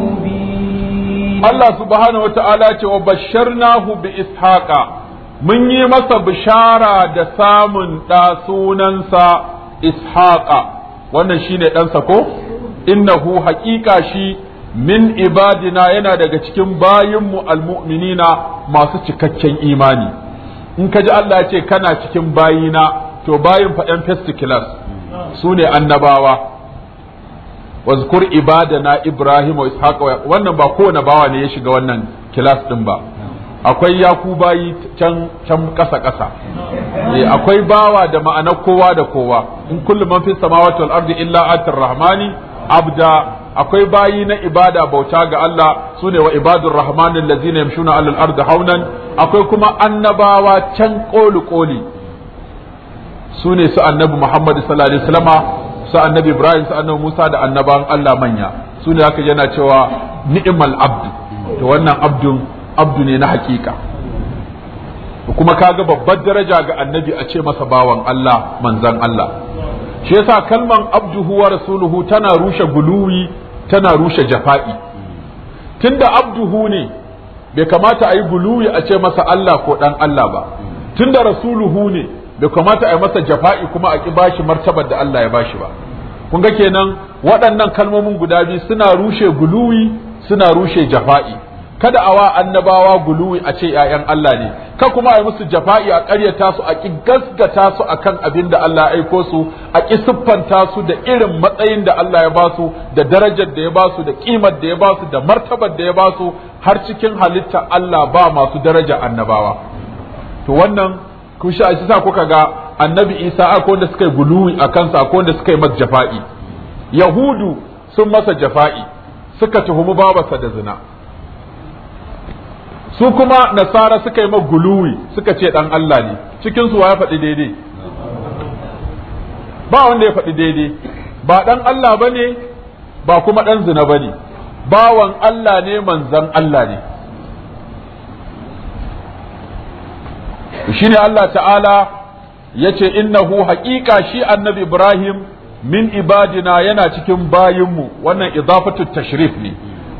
مبين الله سبحانه وتعالى وبشرناه بإسحاق mun yi masa bishara da samun ɗa sunansa ishaqa wannan shine ɗansa ko innahu haƙiƙa shi min ibadina yana daga cikin bayinmu almu'minina masu cikakken imani in ka ji Allah ya ce kana cikin bayina to bayin faɗan first class su ne annabawa wazkur ibadana ibrahim wa ishaqa wannan ba kowane bawa ne ya shiga wannan kilas ɗin ba akwai yakubayi bayi can can ƙasa ƙasa eh, akwai bawa da ma'ana kowa da kowa in kullum man fi samawati wal ardi illa atir rahmani abda akwai bayi na ibada bauta ga Allah sune wa ibadur rahmani allazina yamshuna al ardi haunan akwai kuma annabawa can koli koli sune su annabi Muhammad sallallahu alaihi wasallama su annabi Ibrahim su annabi Musa da annaban Allah manya sune haka yana cewa ni'mal abdu to wannan abdun abdu ne na hakika kuma kaga babbar daraja ga annabi a ce masa bawan Allah manzan Allah shi yasa kalman abduhu wa rasuluhu tana rushe guluwi tana rushe jafa'i tunda abduhu ne bai kamata a yi guluwi a ce masa Allah ko dan Allah ba tunda rasuluhu ne bai kamata a yi masa jafa'i kuma a ki bashi martabar da Allah ya bashi ba kun ga kenan waɗannan kalmomin guda biyu suna rushe guluwi suna rushe jafa'i kada awa annabawa guluwi a ce ‘ya'yan Allah ne, ka kuma a yi musu jafa'i a ƙaryata su a ƙi gasgata su a kan abin da Allah aiko su, a ƙi siffanta su da irin matsayin da Allah ya ba su, da darajar da ya ba su, da ƙimar da ya ba su, da martabar da ya ba su, har cikin halitta Allah ba masu daraja annabawa. To wannan, ku sha shi sa kuka ga annabi Isa akwai wanda suka yi guluwi a kansa akwai wanda suka yi masa jafa'i. Yahudu sun masa jafa'i, suka tuhumi babarsa da zina. su kuma nasara suka yi guluwi suka ce dan Allah ne cikin su ya faɗi daidai ba wanda ya faɗi daidai ba dan Allah bane ba kuma dan zina bane bawan Allah ne manzan Allah ne shine Allah ta'ala ya yace innahu haƙiƙa shi annabi Ibrahim min ibadina yana cikin bayinmu wannan idafatu tashrif ne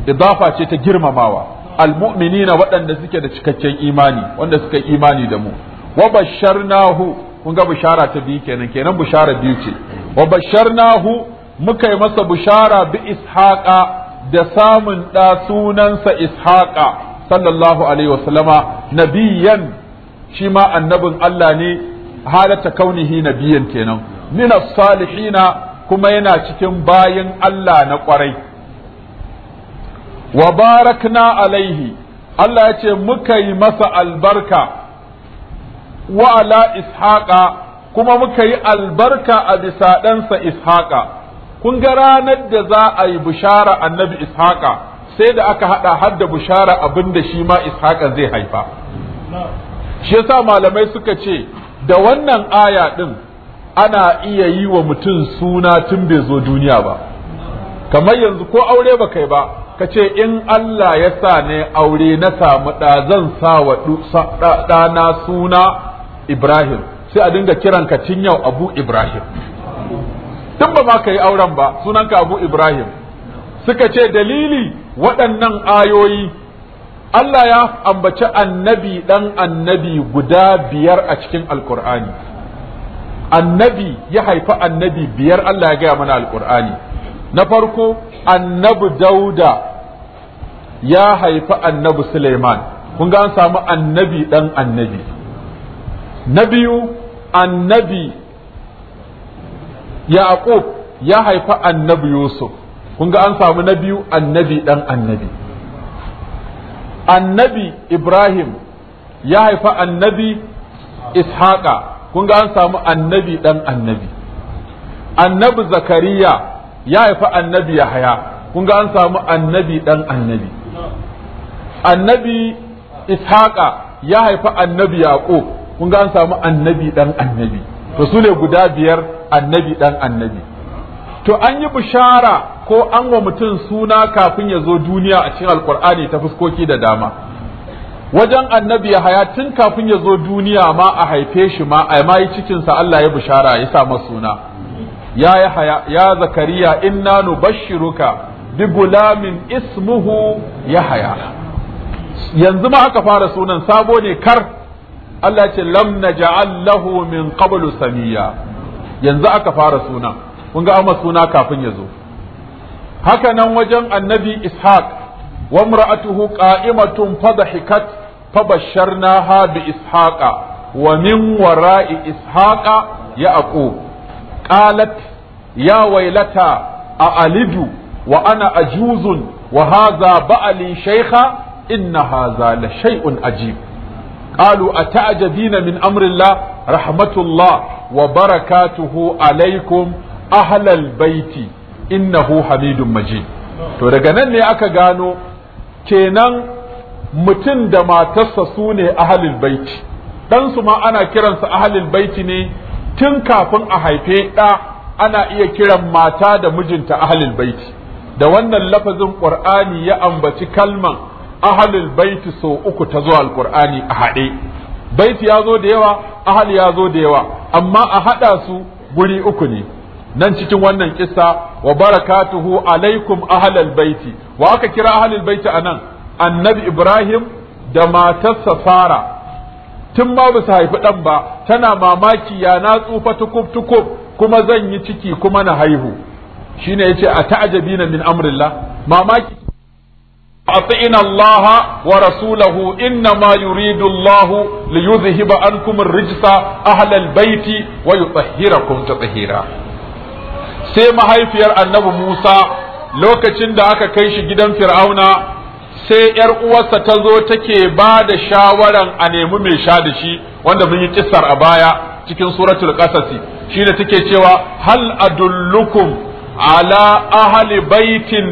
idafa ce ta girmamawa almu'minina waɗanda suke da cikakken imani wanda suka imani da mu wa basharnahu kun ga bishara ta biyu kenan kenan bishara biyu ce wa basharnahu muka yi masa bishara bi ishaqa da samun ɗa sunansa ishaƙa sallallahu alaihi wasallama nabiyan shi ma annabin Allah ne halatta kaunihi nabiyan kenan min salihina kuma yana cikin bayan Allah na kwarai wa barakna alaihi Allah ya ce muka yi masa albarka wa ala ishaqa kuma muka yi albarka a bisa ɗansa ishaqa kun ga ranar da za a yi bishara annabi ishaqa sai da aka haɗa har da bishara abin da shi ma ishaqa zai haifa shi yasa malamai suka ce da wannan aya ɗin ana iya yi wa mutum suna tun bai zo duniya ba kamar yanzu ko aure ba kai ba ka ce in Allah ya sa ne aure na samu ɗa zan sa wa ɗana suna Ibrahim sai a dinga kiran ka cin yau Abu Ibrahim tun ba ma ka yi auren ba sunanka Abu Ibrahim suka ce dalili waɗannan ayoyi Allah ya ambaci annabi ɗan annabi guda biyar a cikin alkur'ani annabi ya haifi annabi biyar Allah ya gaya mana alkur'ani na farko annabi dauda ya haifi annabi suleiman kun ga an samu annabi dan annabi na biyu annabi yaqub ya haifi annabi yusuf kun ga an samu na biyu annabi dan annabi annabi ibrahim ya haifi annabi ishaqa kun ga an samu annabi dan annabi annabi zakariya ya haifi annabi ya haya kun ga an samu annabi dan annabi annabi ishaqa ya haifi annabi yaqub kun ga an samu annabi dan annabi to su ne guda biyar annabi dan annabi to an yi bishara ko an wa mutum suna kafin ya zo duniya a cikin alkur'ani ta fuskoki da dama wajen annabi ya haya tun kafin ya zo duniya ma a haife shi ma a yi cikinsa Allah ya bishara ya sa suna ya yahaya ya zakariya inna nubashshiruka bi gulamin ismuhu yahaya yanzu ma aka fara sunan sabo ne kar Allah ce lam naj'al lahu min qablu samiya yanzu aka fara sunan kun ga amma suna kafin ya zo haka nan wajen annabi ishaq wa imra'atuhu qa'imatun fadhahikat fabashsharnaha bi ishaqa wa min wara'i ishaqa yaqub qalat ya wailata a alidu wa ana ajuzun wa hadha ba'ali shaykha inna hadha la shay'un ajib قالوا أتعجبين من أمر الله رحمة الله وبركاته عليكم أهل البيت إنه حميد مجيد to daga nan ne aka gano kenan mutum da matarsa sune ne ahalil baiti ɗansu ma ana kiransa ahalil baiti ne tun kafin a haife ɗa ana iya kiran mata da mijinta ahalil baiti da wannan lafazin ƙur'ani ya ambaci kalman ahalil baiti sau uku ta zuwa alqur'ani a haɗe baiti ya zo da yawa ahal ya zo da yawa amma a haɗa su guri uku ne nan cikin wannan kisa, wa barakatuhu alaikum ahalil baiti wa aka kira ahalil baiti a nan, annabi ibrahim da matarsa sara tun ma ba su haifi ɗan ba tana mamaki ya na tsufa tukub tukub kuma zan yi ciki kuma na haihu shine yace a ta'jabina min amrillah mamaki أطئن الله ورسوله إنما يريد الله ليذهب عنكم الرجس أهل البيت ويطهركم تطهيرا sai mahaifiyar annabi Musa lokacin da aka kai shi gidan Fir'auna sai yar uwarsa ta zo take ba da shawaran a nemi mai sha da shi wanda mun yi kissar a baya cikin suratul qasasi shine take cewa hal adullukum ala ahli baitin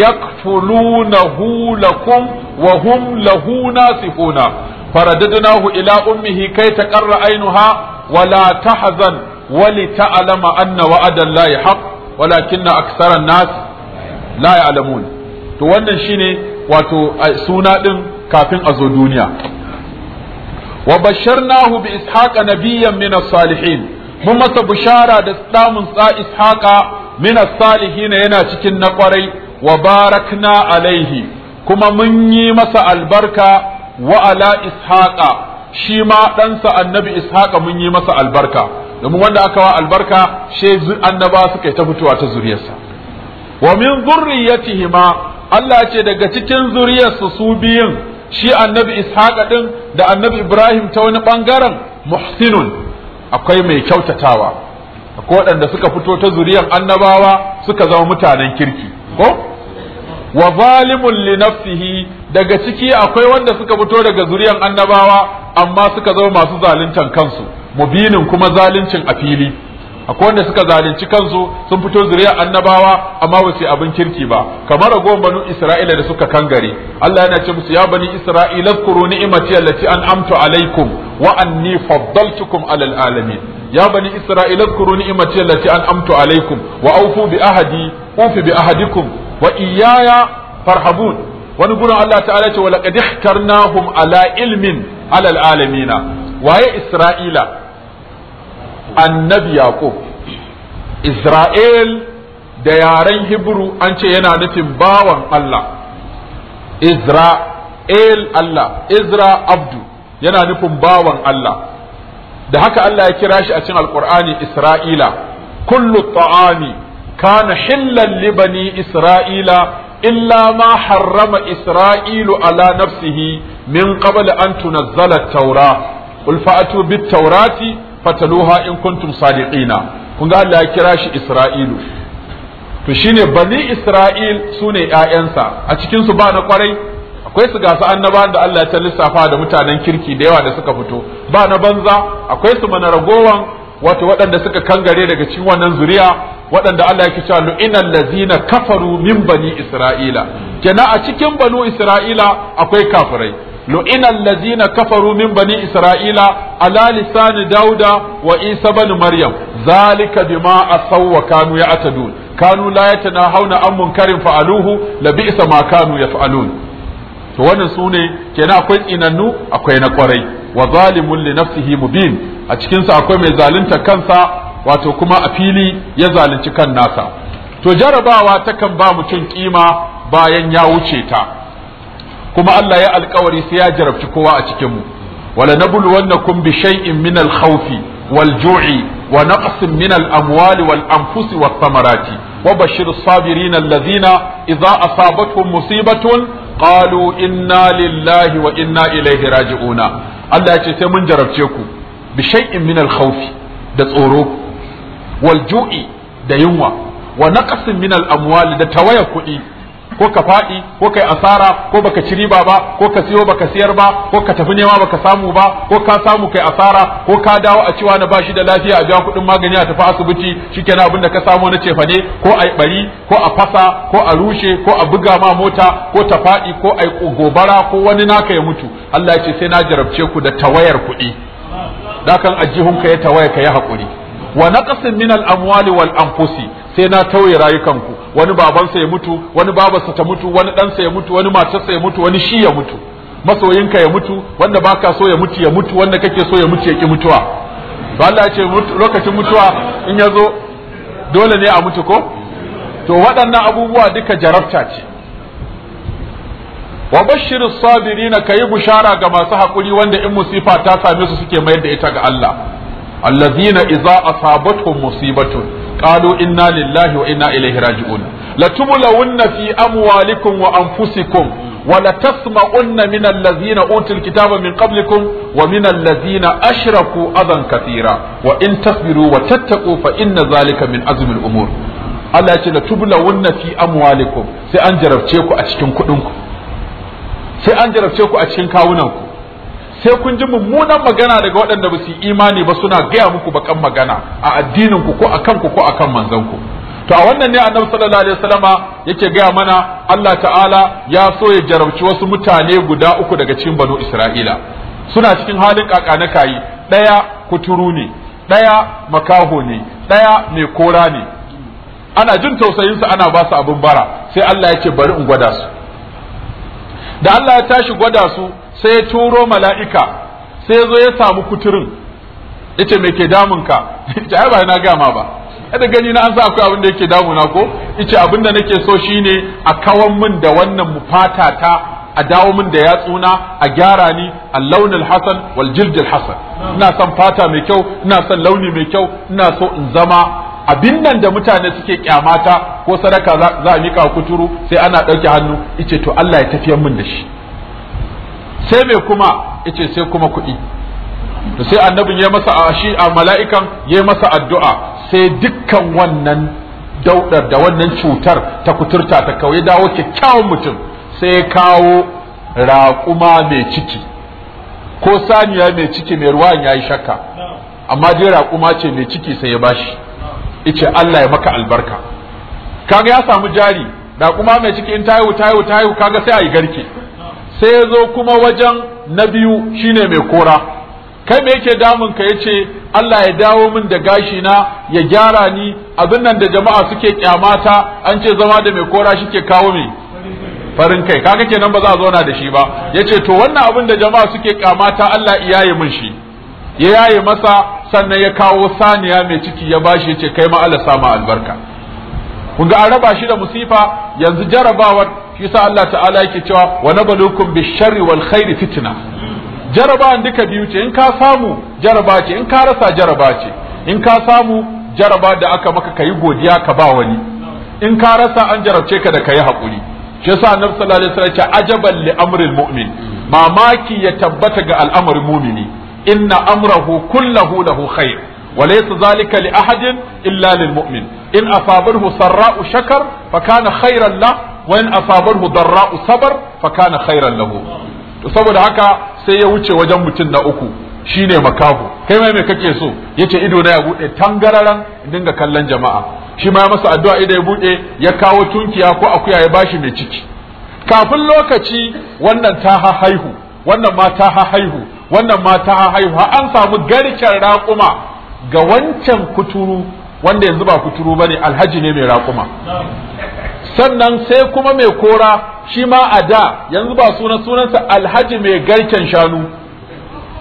yakfulunahu lakum wa hum lahu nasihuna faradadnahu ila ummihi kai taqarra ainuha wala tahzan ولتعلم أن وعد الله حق ولكن أكثر الناس لا يعلمون to wannan shine wato suna din kafin a zo duniya wa basharnahu bi ishaqa nabiyyan min as-salihin mun masa bishara da damun sa ishaqa min as-salihin yana cikin na kwarai wa barakna alaihi kuma mun yi masa albarka wa ala ishaqa shi ma ɗansa annabi ishaqa mun yi masa albarka domin wanda aka wa albarka shi annaba suka ta fitowa ta zuriyarsa wa min zurriyatihima Allah ce daga cikin zuriyarsu su biyun shi annabi ishaq din da annabi ibrahim ta wani ɓangaren. muhsinun akwai mai kyautatawa akwai waɗanda suka fito ta zuriyar annabawa suka zama mutanen kirki ko wa zalimun li nafsihi daga ciki akwai wanda suka fito daga zuriyar annabawa amma suka zama masu zaluntan kansu mubinin kuma zaluncin a fili akwai wanda suka zalunci kansu sun fito zuriya annabawa amma ba su abin kirki ba kamar ragowar banu isra'ila da suka kangare Allah yana ce musu ya bani isra'ila zkuru ni'mati allati amtu alaikum wa anni faddaltukum alal alamin ya bani isra'ila zkuru ni'mati allati an'amtu alaikum wa aufu bi ahadi ufi bi ahadikum wa iyaya farhabun wani gurin Allah ta'ala ce wa laqad ihtarnahum ala ilmin alal alamina waye isra'ila annabi yaqub isra'il da yaren hibru an ce yana nufin bawan Allah isra'il Allah izra abdu yana nufin bawan Allah da haka Allah ya kira shi a cikin alqur'ani isra'ila kullu ta'ami kana hillan libani isra'ila illa ma harrama isra'ilu ala nafsihi min qabl an tunazzala at-taura qul fa'atu bit-taurati fataluha in kuntum sadiqina kun ga Allah ya kira shi Isra'ilu to shine bani Isra'il sune ƴaƴansa a cikin su ba na kwarai akwai su gasu annaba da Allah ya ta lissafa da mutanen kirki da yawa da suka fito ba na banza akwai su mana ragowan wato waɗanda suka kangare daga cikin wannan zuriya waɗanda Allah ya yake cewa innal ladzina kafaru min bani isra'ila kenan a cikin banu isra'ila akwai kafirai lo ina allazi kafa rumin ba ni Isra’ila a ni dauda wa isa ba ni Maryam, za lika bi ma a tsawo wa kanu ya ata kanu la ya hau na amun karin fa’aluhu la bi kanu ya fa’alun. To, wani sune, ke na akwai tsinannu akwai na kwarai, wa zalimun li nafsihi mu bin, a cikinsa akwai mai zalunta kansa, wato kuma a fili ya zalunci kan nasa. To, jarabawa takan kan ba mutum kima bayan ya wuce ta, kuma Allah ya alkawari sai ya jarabci kowa a cikin mu wala nabluwannakum bi shay'in min al-khawf wal-ju'i wa naqsin min al-amwali wal-anfus wath-thamarati wa bashir as-sabirin alladhina idza asabatuhum musibatun qalu inna lillahi wa inna ilayhi raji'una Allah ya ce sai mun jarabce ku bi shay'in min al da tsoro wal-ju'i da yunwa wa naqsin min al-amwali da tawaya kuɗi ko ka faɗi ko kai asara ko baka ci riba ba ko ka siyo baka siyar ba ko ka tafi nema baka samu ba ko ka samu kai asara ko ka dawo a cewa na bashi da lafiya a biya kuɗin magani a tafi asibiti shikenan abin da ka samu na cefane ko a bari ko a fasa ko a rushe ko a buga ma mota ko ta faɗi ko a gobara ko wani naka ya mutu Allah ya ce sai na jarabce ku da tawayar kuɗi dakan ajihunka ya tawaya ka ya haƙuri wa naqsin min al-amwali wal anfusi sai na tauye rayukanku wani babansa ya mutu wani babarsa ta mutu wani ɗansa ya mutu wani matarsa ya mutu wani shi ya mutu masoyinka ya mutu wanda baka so ya mutu ya mutu wanda kake so ya mutu ya ki mutuwa ba Allah ya ce lokacin mutuwa in ya zo dole ne a mutu ko to waɗannan abubuwa duka jarabta ce wa bashiru sabirina kayi bushara ga masu hakuri wanda in musifa ta same su suke mayar da ita ga Allah allazina idza asabatuhum musibatun qalu inna lillahi wa inna ilaihi raji'un latubulawunna fi wa anfusikum wa latasma'unna min allazina utul kitaba min qablikum wa min allazina ashraku adan kathira wa tasbiru wa tattaqu fa zalika min azumin umur Allah ya ce latubulawunna fi amwalikum sai an jarabce ku a cikin kuɗinku sai an jarabce ku a cikin kawunanku sai kun ji mummunan magana daga waɗanda ba su imani ba suna gaya muku bakan magana a addinin ku ko akan ku ko akan manzon ku to a wannan ne annabi sallallahu alaihi wasallama yake gaya mana Allah ta'ala ya so ya jarabci wasu mutane guda uku daga cikin banu Isra'ila suna cikin halin kakana kayi daya kuturu ne daya makaho ne daya mai kora ne ana jin tausayin su ana ba su abin bara sai Allah yake bari in gwada su da Allah ya tashi gwada su sai ya turo mala'ika sai ya zo ya samu kuturin yace me ke damunka yace ai ba na gama ba kada gani na an sa akwai abin da yake damuna ko yace abin da nake so shine a kawan min da wannan fata ta a dawo min da yatsuna a gyara ni al launul hasan wal jildil hasan ina son fata mai kyau ina son launi mai kyau ina so in zama abin nan da mutane suke kyamata ko sadaka za a mika kuturu sai ana ɗauke hannu ice to Allah ya tafiyar mun da shi sai me kuma ice sai kuma kuɗi to sai annabin ya masa a shi a mala'ikan ya masa addu'a sai dukkan wannan daudar da wannan cutar ta kuturta ta kawai dawo kyakkyawan mutum sai kawo raƙuma mai ciki ko saniya mai ciki mai ruwan ya yi shakka amma dai raƙuma ce mai ciki sai ya bashi ice Allah ya maka albarka kaga ya samu jari da kuma mai ciki in tayu tayi tayu kaga sai a garke sai yazo kuma wajen na biyu shine mai kora kai me yake damun ka yace Allah ya dawo min da gashi na ya gyara ni abin nan da jama'a suke kyamata an ce zama da mai kora shike kawo me farin kai kaga kenan ba za a zauna da shi ba yace to wannan abin da jama'a suke kyamata Allah iyaye mun shi ya yaye masa sannan ya kawo saniya mai ciki ya bashi ya ce kai ma Allah sama albarka kun ga araba raba shi da musifa yanzu jarabawar shi sa Allah ta'ala yake cewa wa nabluukum bish-sharri wal khairi fitna jarabawan duka biyu ce in ka samu jaraba ce in ka rasa jaraba ce in ka samu jaraba da aka maka kayi godiya ka ba wani in ka rasa an jarabce ka da kayi hakuri shi yasa annabi sallallahu alaihi wasallam ya ce ajaban li amril mu'min mamaki ya tabbata ga al'amarin mu'mini inna amrahu kullahu lahu khair وليس ذلك لأحد إلا للمؤمن إن أصابته سراء شكر فكان خيرا له وإن أصابته ضراء صبر فكان خيرا له saboda haka sai ya wuce wajen mutum na uku shine makahu kai mai kake so yace ido na ya bude tangararan dinga kallon jama'a shi ma ya masa addu'a idan ya bude ya kawo tunkiya ko akuya ya bashi mai ciki kafin lokaci wannan ta haihu wannan ma ta haihu wannan ma ta haihu an samu garken raƙuma ga wancan kuturu wanda yanzu ba kuturu bane alhaji ne mai raƙuma sannan sai kuma mai kora shi ma a da yanzu ba sunan sunansa alhaji mai garken shanu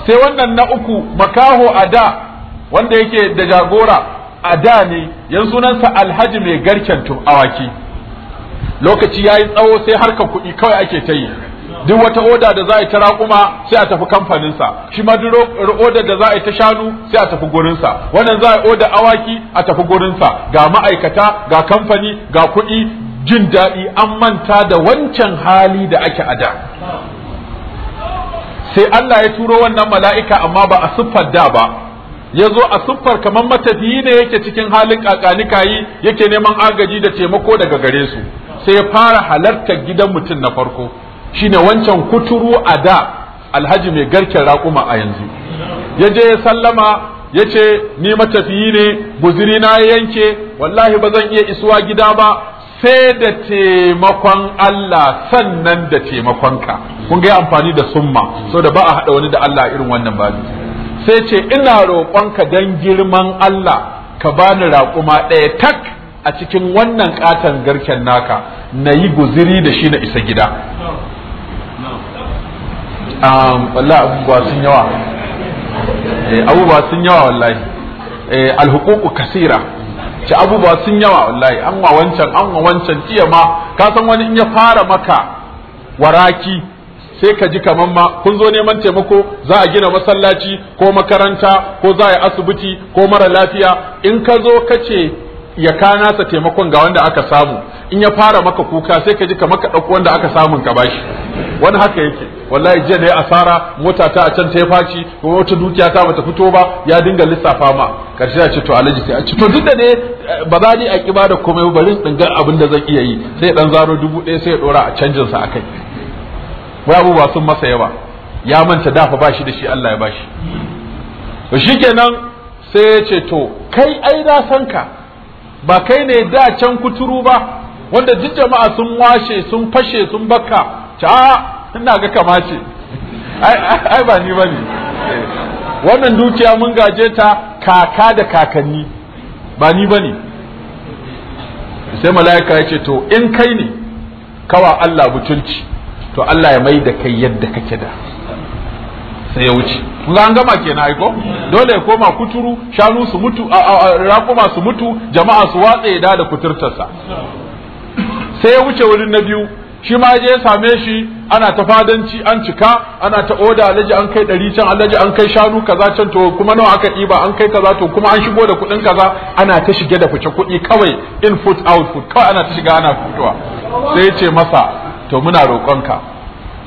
sai wannan na uku makaho a da wanda yake da jagora a da ne yanzu sunansa alhaji mai garken awaki lokaci ya yi tsawo sai harka kuɗi kawai ake ta yi duk wata oda da za a yi ta raƙuma sai a tafi kamfaninsa shi ma duk oda da za a yi ta shanu sai a tafi gurinsa wannan za a yi oda awaki a tafi gurinsa ga ma'aikata ga kamfani ga kuɗi jin daɗi an manta da wancan hali da ake a da sai Allah ya turo wannan mala'ika amma ba a siffar da ba ya zo a siffar kamar matafiyi ne yake cikin halin yi yake neman agaji da taimako daga gare su sai ya fara halartar gidan mutum na farko shine wancan kuturu a da alhaji mai garken raƙuma a yanzu Yaje ya sallama yace ce ni matafiyi ne guziri na ya yanke wallahi ba zan iya isuwa gida ba sai da taimakon Allah sannan da taimakonka kun ga amfani da summa so da ba a haɗa wani da Allah irin wannan ba sai ce ina roƙonka dan girman Allah ka bani raƙuma ɗaya tak a cikin wannan ƙaton garken naka na yi guziri da shi na isa gida Um, wallahi abubuwa sun yawa eh, abubuwa sun yawa wallahi eh, alhuququ kasira ci abubuwa sun yawa wallahi an wa wancan an wa wancan jiya ma ka san wani in ya fara maka waraki sai ka ji kaman ma kun zo neman taimako za a gina masallaci ko makaranta ko za a yi asibiti ko mara lafiya in ka zo ka ce ya kana sa taimakon ga wanda aka samu in ya fara maka kuka sai ka ji kamar ka ɗauko wanda aka samun ka bashi wani haka yake wallahi jiya da ya asara mota ta a can ta faci kuma wata dukiya ta bata fito ba ya dinga lissafa ma karshe ya ce to alaji sai a ce to duk da ne eh, ba za ni a ki da komai bari in abin da zan iya yi sai dan zaro dubu ɗaya sai ya dora a canjin sa akai wai ba sun masa yawa ya manta dafa bashi da shi Allah ya bashi to shikenan sai ya ce to kai ai na san ka ba kai ne da can kuturu ba wanda duk jama'a sun washe sun fashe sun baka, ta ina ga kamace ai ba ni wannan dukiya mun gaje ta kaka da kakanni ba ni ba ne. sai mala'ika ya ce to in kai ne kawa Allah butunci. to Allah ya mai da kai yadda kake da sai ya wuce kun an gama kenan aiko dole ya koma kuturu shanu su mutu rakuma su mutu jama'a su watse ya da kuturtarsa sai ya wuce wurin na biyu shi ma je ya same shi ana ta fadanci an cika ana ta oda alaji an kai ɗari can alaji an kai shanu kaza can to kuma nawa aka ɗiba an kai kaza to kuma an shigo da kuɗin kaza ana ta shige da fice kuɗi kawai in foot out foot kawai ana ta shiga ana fitowa sai ya ce masa to muna roƙonka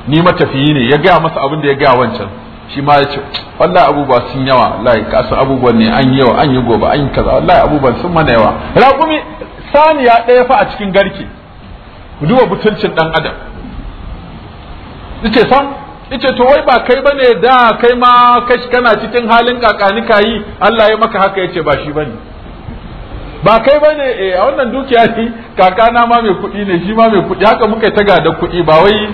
ni matafiyi ne ya gaya masa abin da ya gaya wancan shi ma ya ce wallahi abubuwa sun yawa wallahi kasu abubuwan ne an yawa an yi gobe an kaza wallahi abubuwan sun mana yawa raƙumi saniya ɗaya fa a cikin garke duba butulcin ɗan adam yace sam yace to wai ba kai bane da kai ma kashi kana cikin halin kakani kayi Allah ya maka haka yace ba shi bane ba kai bane eh, a wannan dukiya ne kakana ma mai kuɗi ne shi ma mai kuɗi haka muka yi ta gada kuɗi ba wai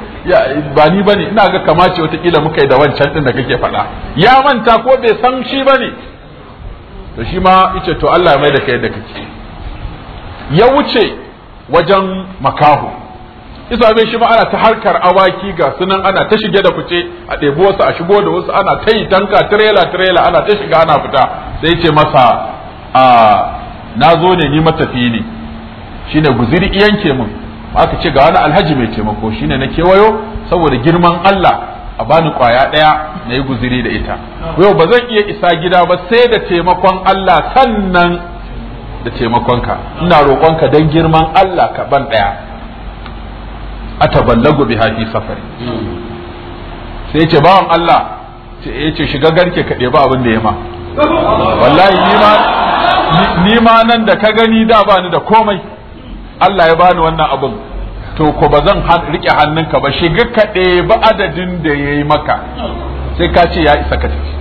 ba ni bane ina ga kamace watakila muka yi da wancan din da kake faɗa ya manta ko bai san shi bane to shi ma ice to Allah ya mai da kai da kake ya wuce wajen makaho isa bai shi ma ana ta harkar awaki ga sunan ana ta shige da kuce a ɗebi wasu a shigo da wasu ana ta yi tanka tirela tirela ana ta shiga ana fita sai ce masa a ah, na zo ne ni matafi ne shine guziri iyanke mun aka ce ga wani alhaji mai taimako shine na kewayo saboda girman Allah a bani kwaya daya na yi guziri da ita yau ba zan iya isa gida ba sai da taimakon Allah sannan da taimakonka ina roƙonka don girman Allah ka ban daya a taballagu bi hafi safari sai ce bawan Allah ya ce shiga garke ka ba abin da ya ma wallahi ni ni ma nan da ka gani da ba ni da komai Allah ya bani wannan abin to ko ba zan rike hannunka ba shiga ka ba adadin da ya yi maka sai ka ce ya isa ka tafi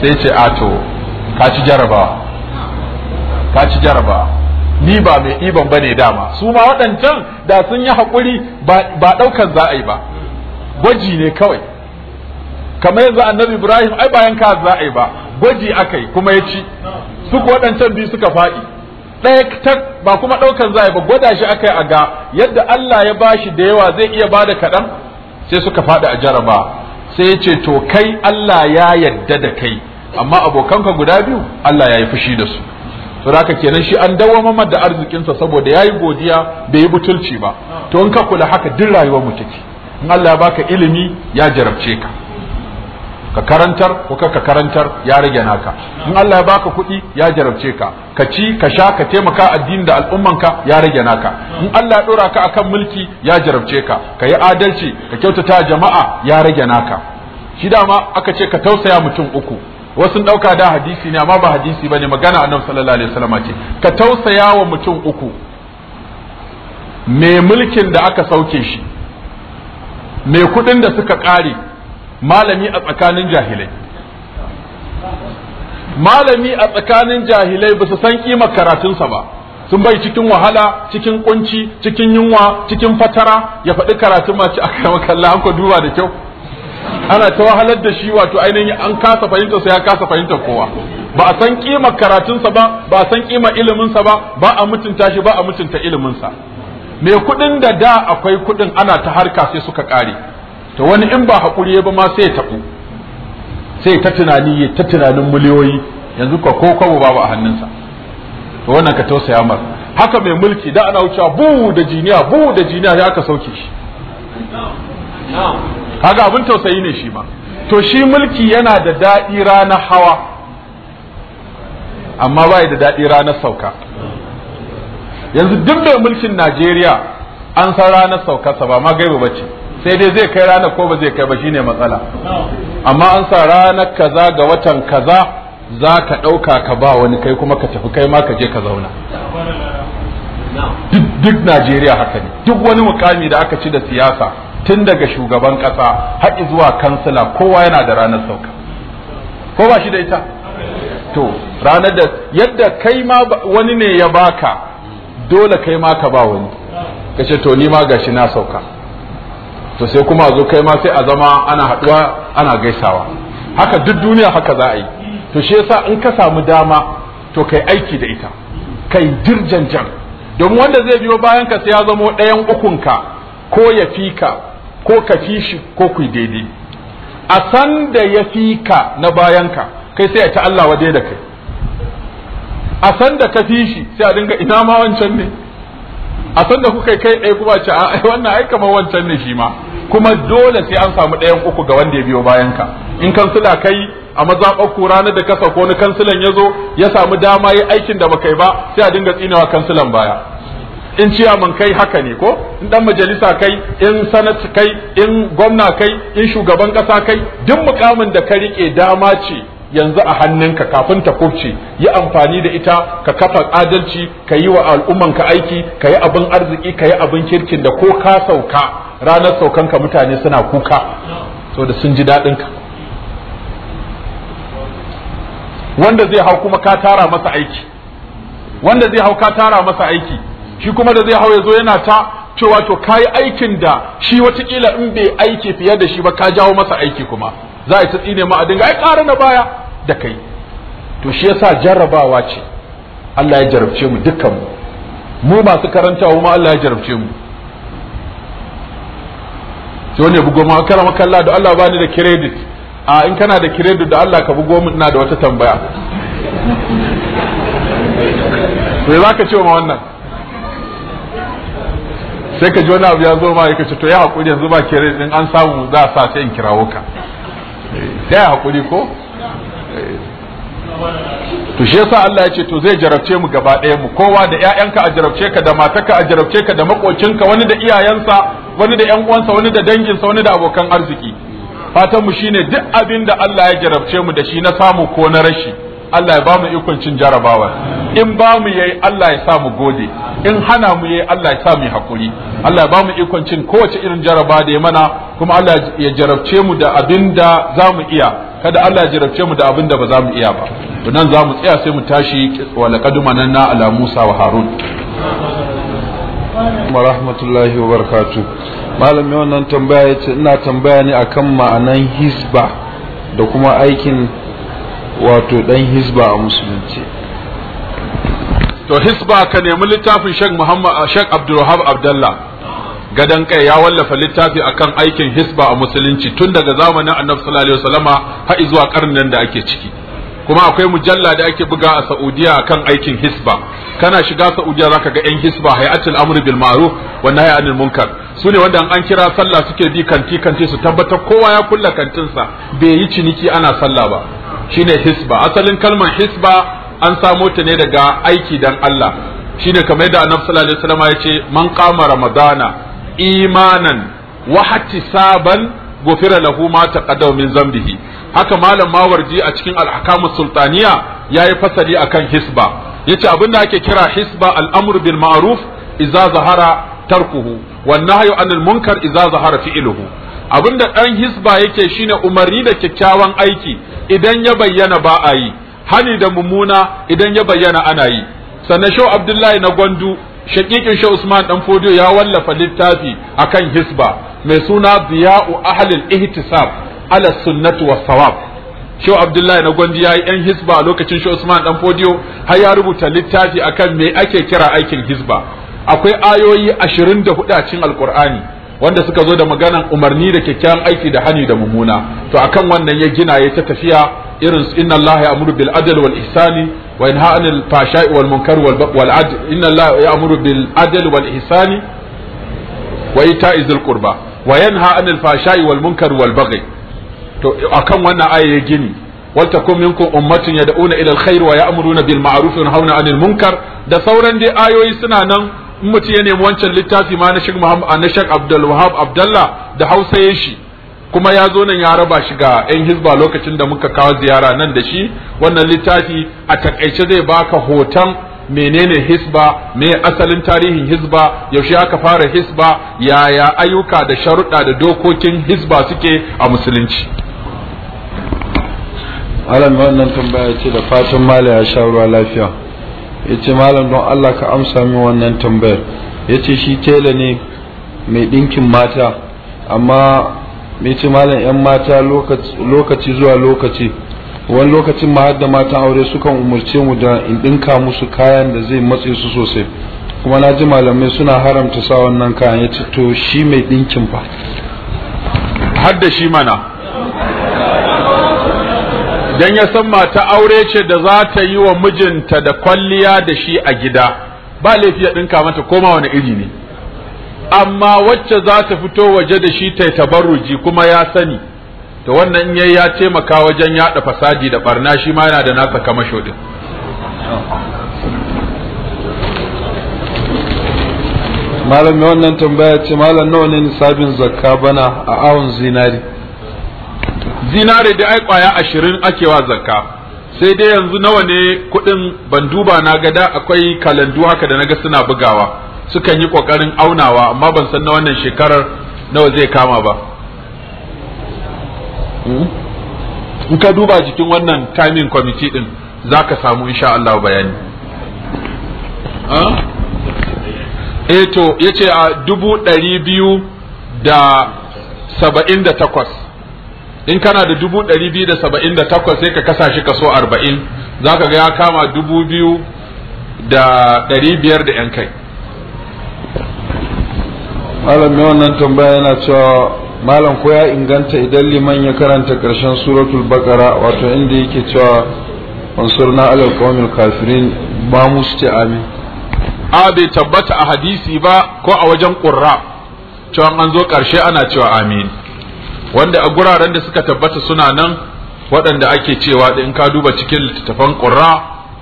sai ce a ka ci jarabawa ka ci jarabawa ni ba mai iban bane dama su ma waɗancan da sun yi hakuri ba ɗaukan za a yi ba gwaji ne kawai kamar yanzu annabi ibrahim ai bayan ka za a yi ba gwaji aka yi kuma ya ci suka waɗancan biyu suka faɗi ɗaya tak ba kuma ɗaukan zai ba gwada shi aka yi a ga yadda Allah ya bashi da yawa zai iya bada da kaɗan sai suka faɗi a jaraba sai ya ce to kai Allah ya yadda da kai amma abokanka guda biyu Allah ya yi fushi da su to ka kenan shi an dawwama da arzikinsa saboda ya yi godiya bai yi butulci ba to in ka kula haka duk rayuwar mu take in Allah ya baka ilimi ya jarabce ka ka karantar ko ka karantar ya rage naka in Allah ya baka kuɗi ya jarabce ka ka ci ka sha ka taimaka addini da al'umman ka ya rage naka in Allah ya dora ka akan mulki ya jarabce ka ka yi adalci ka kyautata jama'a ya rage naka shi dama aka ce ka tausaya mutum uku wasu ɗauka da hadisi ne amma ba hadisi bane magana annabi sallallahu alaihi wasallam ce ka tausaya wa mutum uku me mulkin da aka sauke shi me kuɗin da suka ƙare malami a tsakanin jahilai malami a tsakanin jahilai ba su san kimar karatunsa ba sun bai cikin wahala cikin kunci cikin yunwa cikin fatara ya faɗi karatun ma ci aka maka Allah an duba da kyau ana ta wahalar da shi wato ainihin an kasa fahimta sa ya kasa fahimta kowa ba a san kimar karatunsa ba ba a san kimar iliminsa ba ba a mutunta shi ba a mutunta iliminsa Me kuɗin da da akwai kuɗin ana ta harka sai suka ƙare to wani in ba hakuri ba ma sai ya tabu sai ta tunani ta tunanin miliyoyi yanzu ko ko kawo babu a hannunsa to wannan ka tausaya mar haka mai mulki da ana wuce bu da jiniya bu da jiniya ya aka sauke shi haka abin tausayi ne shi ma to shi mulki yana da daɗi ranar hawa amma ba da daɗi ranar sauka yanzu duk mai mulkin najeriya an san ranar saukarsa ba ma gaiba bace sai dai zai kai ranar ko ba zai kai ba shine matsala amma an sa ranar kaza ga watan kaza za ka ɗauka ka ba wani kai kuma ka tafi kai ma ka je ka zauna duk najeriya haka ne duk wani mukami da aka ci da siyasa tun daga shugaban kasa haƙi zuwa kansila kowa yana da ranar sauka ko ba shi da ita to ranar da yadda kai ma wani ne ya baka dole kai ma ka ba wani kace to ni ma gashi na sauka to sai kuma zo kai ma sai a zama ana haɗuwa ana gaisawa haka duk duniya haka za a yi to shi yasa in ka samu dama to kai aiki da ita kai dirjanjan Don wanda zai biyo bayan ka sai ya zamo ɗayan ukunka ko ya fi ka ko ka fi shi ko ku daidai a san da ya fi ka na bayan ka kai sai a ta Allah wa da kai a san da ka fi shi sai a dinga ina ma wancan ne a san da kuka kai ɗaya kuma ce a wannan ai kamar wancan ne shi ma kuma dole sai an samu ɗayan uku ga wanda ya biyo bayan ka in kansila kai a mazaɓar ku ranar da ka sauko wani kansilan ya zo ya samu dama yi aikin da baka yi ba sai a dinga tsinawa kansilan baya in ciyaman kai haka ne ko in dan majalisa kai in sanat kai in gwamna kai in shugaban ƙasa kai duk mukamin da ka riƙe dama ce yanzu a hannunka kafin ta kurce yi amfani da ita ka kafa adalci ka yi wa al'ummanka aiki ka yi abin arziki ka yi abin kirkin da ko ka sauka ranar ka mutane suna kuka so da sun ji daɗinka wanda zai hau kuma ka tara masa aiki wanda zai hau ka tara masa aiki shi kuma da zai hau ya zo yana ta cewa to kayi aikin da shi watakila in bai aiki fiye da shi ba ka jawo masa aiki kuma za a ta tsine ma a dinga ai ƙara na baya da kai to shi yasa jarrabawa ce Allah ya jarabce mu dukkan mu masu karanta kuma Allah ya jarabce mu to ne bugo ma karama kalla da Allah bani da credit a in kana da credit da Allah ka bugo mu ina da wata tambaya me ka ce ma wannan sai ka ji wani abu ya zo ma ya ce to ya haƙuri yanzu ba credit din an samu za a sa sai in kirawo ka eh, sai haƙuri ko to shi yasa Allah ya ce to zai jarabce mu gaba ɗaya mu kowa da ƴaƴanka a jarabce ka da matarka a jarabce ka da makocinka wani da iyayensa wani da ƴan uwansa wani da danginsa wani da abokan arziki Fatanmu mu shine duk abin da Allah ya jarabce mu da shi na samu ko na rashi Allah ya ba mu ikon cin jarabawa in ba mu yayi Allah ya sa mu gode in hana mu yayi Allah ya sa mu hakuri Allah ya ba mu ikon cin kowace irin jaraba da ya mana kuma Allah ya jarabce mu da abin da za mu iya kada Allah ya jarabce mu da abin da ba za mu iya ba to nan za mu tsaya sai mu tashi wa laqad mananna ala Musa wa Harun wa rahmatullahi wa barakatuh malamin wannan tambaya yace ina tambaya ne akan ma'anan hisba da kuma aikin wato dan hisba a musulunci to hisba ka nemi littafin Sheikh Muhammad Sheikh Abdulwahab abdallah gadan kai ya wallafa littafi akan aikin hisba a musulunci tun daga zamanin Annabi sallallahu alaihi wasallama har zuwa karnin da ake ciki kuma akwai mujalla da ake buga a Saudiya akan aikin hisba kana shiga Saudiya zaka ga yan hisba hayatul amr bil ma'ruf wa nahy anil munkar su ne wanda an kira sallah suke bi kanti kanti su tabbatar kowa ya kulla kantinsa bai yi ciniki ana sallah ba shine hisba asalin kalmar hisba an samo ta ne daga aiki dan Allah shine kamar da annabi sallallahu alaihi wasallam ya ce man qama ramadana imanan wa hattisaban gufira lahu ma taqaddama min zambihi haka malam mawardi a cikin al-ahkamus sultaniya yayi fasali akan hisba yace abinda ake kira hisba al-amru bil ma'ruf idza zahara tarkuhu wan nahyu anil munkar idza zahara fi'luhu abinda ɗan hisba yake shine umarni da kyakkyawan aiki idan ya bayyana ba a yi hani da mummuna idan ya bayyana ana yi sannan shau abdullahi na gwandu shakikin shau usman dan fodiyo ya wallafa littafi akan hisba mai suna biya'u ahlil ihtisab ala sunnati was sawab shau abdullahi na gwandu ya yi yan hisba a lokacin shau usman dan fodiyo har ya rubuta littafi akan me ake kira aikin hisba akwai ayoyi 24 a cikin alqur'ani wanda suka zo da maganan umarni da kyakkyawan aiki da hani da mummuna to akan wannan ya gina ya ta tafiya irin inna Allah ya'muru bil adl wal ihsani wa yanha 'anil fasha'i wal munkar wal wal adl inna Allah ya'muru bil adl wal ihsani wa ita'i dhil qurba wa yanha 'anil fasha'i wal munkar wal baghi to akan wannan aya ya gini wal takum minkum ummatun yad'una ila al khair wa ya'muruna bil ma'ruf wa yanhauna 'anil munkar da sauran dai ayoyi suna nan in mutum ya nemi wancan littafi ma na Sheikh Muhammad ah, na Abdul Wahab Abdullah da Hausa ya shi kuma ya zo nan ya raba shi ga 'yan hizba lokacin da muka kawo ziyara nan da shi wannan littafi a takaice zai baka hoton menene hisba me asalin tarihin hisba yaushe aka fara hisba yaya ayyuka da sharuɗa da dokokin hisba suke a musulunci allah wannan tambaya ce da fatan mala ya sha ruwa lafiya ya ce malam don Allah ka amsa min wannan tambayar ya ce shi tela ne mai ɗinkin mata amma mai ce malam 'yan mata lokaci zuwa lokaci wani lokacin ma da matan aure sukan umarce mu da in ɗinka musu kayan da zai matse su sosai kuma na ji malamai suna haramta sa wannan kayan ya ce to shi mai ɗinkin ba har da shi mana dan ya san mata aure ce da za ta yi wa mijinta da kwalliya da shi a gida ba laifi ya dinka mata koma wani iri ne amma wacce za ta fito waje da shi ta tabarruji kuma ya sani to wannan yayi ya taimaka wajen yada fasadi da barna shi ma yana da nasa kamasho din malam wannan tambaya ce malam nawa ne nisabin zakka bana a awon zinari zinare da ai kwaya ashirin ake wa zakka sai dai yanzu nawa ne kuɗin ban duba na gada akwai kalandu haka da naga suna bugawa sukan yi ƙoƙarin aunawa amma ban san na wannan shekarar nawa zai kama ba hmm? in ka duba jikin wannan timing committee din za ka samu insha Allah bayani eh to ya a dubu ɗari biyu da saba'in da takwas in kana da dubu ɗari biyu da saba'in da takwas sai ka kasa shi kaso arba'in za ka ga ya kama dubu biyu da ɗari biyar da yan kai malam wannan tambaya yana cewa malam ko ya inganta idan liman ya karanta karshen suratul bakara wato inda yake cewa na alal kawamil kafirin ba mu su ce amin a bai tabbata a hadisi ba ko a wajen ƙurra cewa an zo karshe ana cewa amin wanda a guraren da suka tabbata suna nan waɗanda ake cewa da in ka duba cikin littattafan ƙura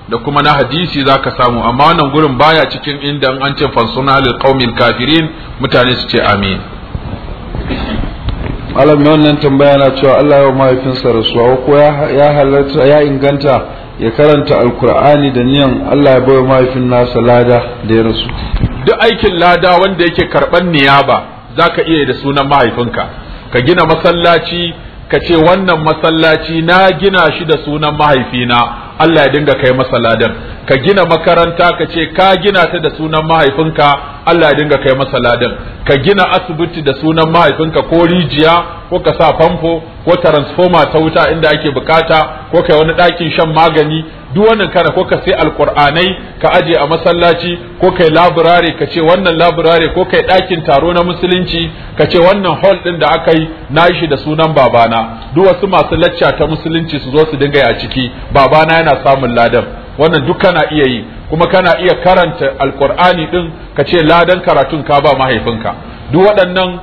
da kuma na hadisi za ka samu amma wannan gurin baya cikin inda an ce fansuna lil kafirin mutane su ce amin malam mai wannan tambaya na cewa Allah ya mahaifinsa rasuwa ko ya halarta ya inganta ya karanta alkur'ani da niyan Allah ya bai mahaifin nasa lada da ya rasu duk aikin lada wanda yake karban niyaba zaka iya da sunan mahaifinka ka gina masallaci ka ce wannan masallaci na gina shi da sunan mahaifina Allah ya dinga kai masa ka gina makaranta ka ce ka gina ta da sunan mahaifinka Allah ya dinga kai masa ka gina asibiti da sunan mahaifinka ko rijiya ko ka sa famfo ko transformer ta wuta inda ake bukata ko kai wani ɗakin shan magani duk wannan kana ko ka sai alkur'anai ka aje a masallaci ko kai laburare ka ce wannan laburare ko kai ɗakin taro na musulunci ka ce wannan hall ɗin da aka yi na shi da sunan babana duk wasu masu lacca ta musulunci su zo su dinga a ciki babana yana samun ladan wannan duk kana iya yi kuma kana iya karanta alkur'ani ɗin ka ce ladan karatun ka ba mahaifinka duk waɗannan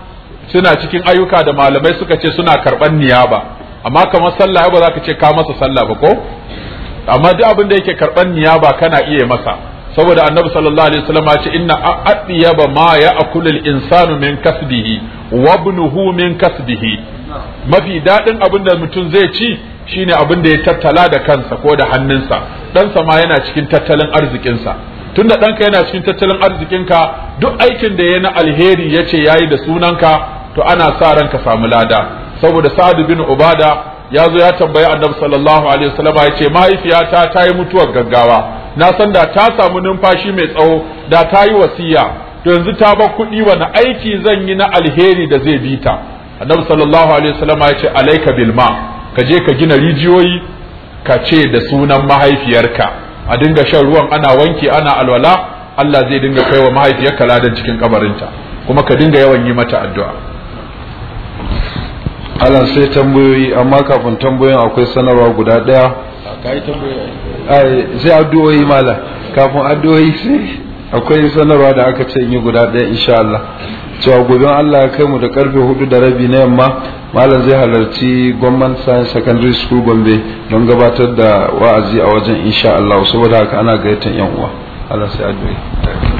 suna cikin ayyuka da malamai suka ce suna karɓar niyaba amma kamar sallah ba za ka ce ka masa sallah ba ko amma duk abin da yake karban niyaba kana iya masa saboda annabi sallallahu alaihi wasallam ya ce inna aqyaba ma ya'kulul insanu min kasbihi wa ibnuhu min kasbihi mafi dadin abin da mutum zai ci shine abin da ya tattala da kansa ko da hannunsa ɗansa ma yana cikin tattalin arzikinsa tunda ɗanka yana cikin tattalin arzikinka duk aikin da ya na alheri ya ce yayi da sunanka to ana sa ranka samu lada saboda sa'ad bin ubada ya zo ya tambayi annabi sallallahu alaihi wasallam ya ce mahaifiyata ta yi mutuwar gaggawa na san da ta samu numfashi mai tsawo da ta yi wasiya to yanzu ta bar kuɗi wani aiki zan yi na alheri da zai bi ta annabi sallallahu alaihi wasallam ya ce alaika bil ma ka je ka gina rijiyoyi ka ce da sunan mahaifiyarka a dinga shan ruwan ana wanki ana alwala Allah zai dinga kaiwa mahaifiyarka ladan cikin kabarinta kuma ka dinga yawan yi mata addu'a alan sai tambayoyi amma kafin tambayoyin akwai sanarwa guda daya sai addu'o'i mala kafin addu'o'i sai akwai sanarwa da aka ce yi guda daya insha Allah cewa gobin Allah ya kai mu da karfe hudu da rabi na yamma malam zai halarci gwamnan science secondary school gombe don gabatar da wa'azi a wajen insha Allah saboda haka ana gayyatar yan uwa Allah sai addu'o'i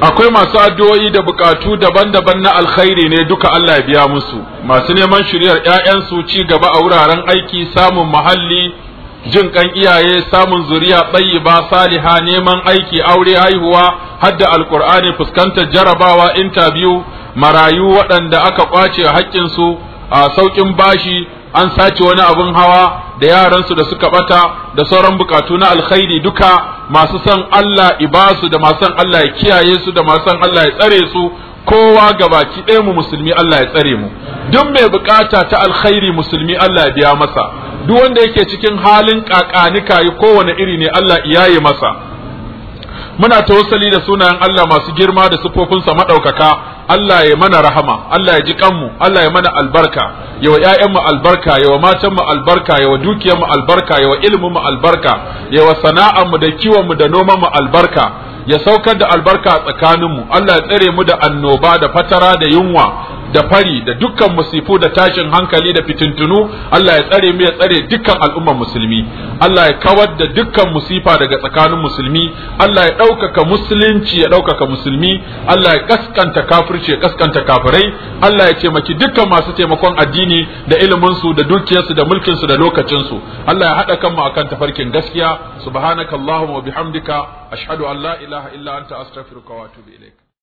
akwai masu addu'o'i da bukatu daban-daban na alkhairi ne duka Allah ya biya musu masu neman shiryar ƴaƴansu ci gaba a wuraren aiki samun muhalli jin kan iyaye samun zuriya ba saliha neman aiki aure haihuwa hadda alkur'ani fuskantar jarabawa interview marayu waɗanda aka kwace haƙƙinsu a sauƙin bashi an sace wani abin hawa da yaransu da suka bata da sauran bukatu na alkhairi duka masu san Allah ibasu da masu san Allah ya kiyaye su da masu san Allah ya tsare su kowa gabaki ɗaya mu musulmi Allah ya tsare mu duk mai bukata ta alkhairi musulmi Allah ya biya masa duk wanda yake cikin halin kakanika yi kowane iri ne Allah iyaye masa muna tausali da sunayen Allah masu girma da sifofinsa maɗaukaka Allah ya mana rahama Allah ya ji kanmu Allah ya mana albarka yawa ƴaƴanmu albarka yawa matanmu albarka yawa dukiyarmu albarka yawa mu albarka yawa sana'armu da kiwonmu da nomanmu albarka ya saukar da albarka a tsakaninmu Allah ya tsare mu da annoba da fatara da yunwa da fari da dukkan musifu da tashin hankali da fitintunu Allah ya tsare mu ya tsare dukkan al'umman musulmi Allah ya kawar da dukkan musifa daga tsakanin musulmi Allah ya ɗaukaka musulunci ya ɗaukaka musulmi Allah ya kaskanta kafirci ya kaskanta kafirai Allah ya taimaki dukkan masu taimakon addini da ilimin su da dukiyarsu da mulkin su da lokacin su Allah ya haɗa kanmu akan tafarkin gaskiya subhanakallahumma wa bihamdika ashhadu an la ilaha illa anta astaghfiruka wa atubu ilaik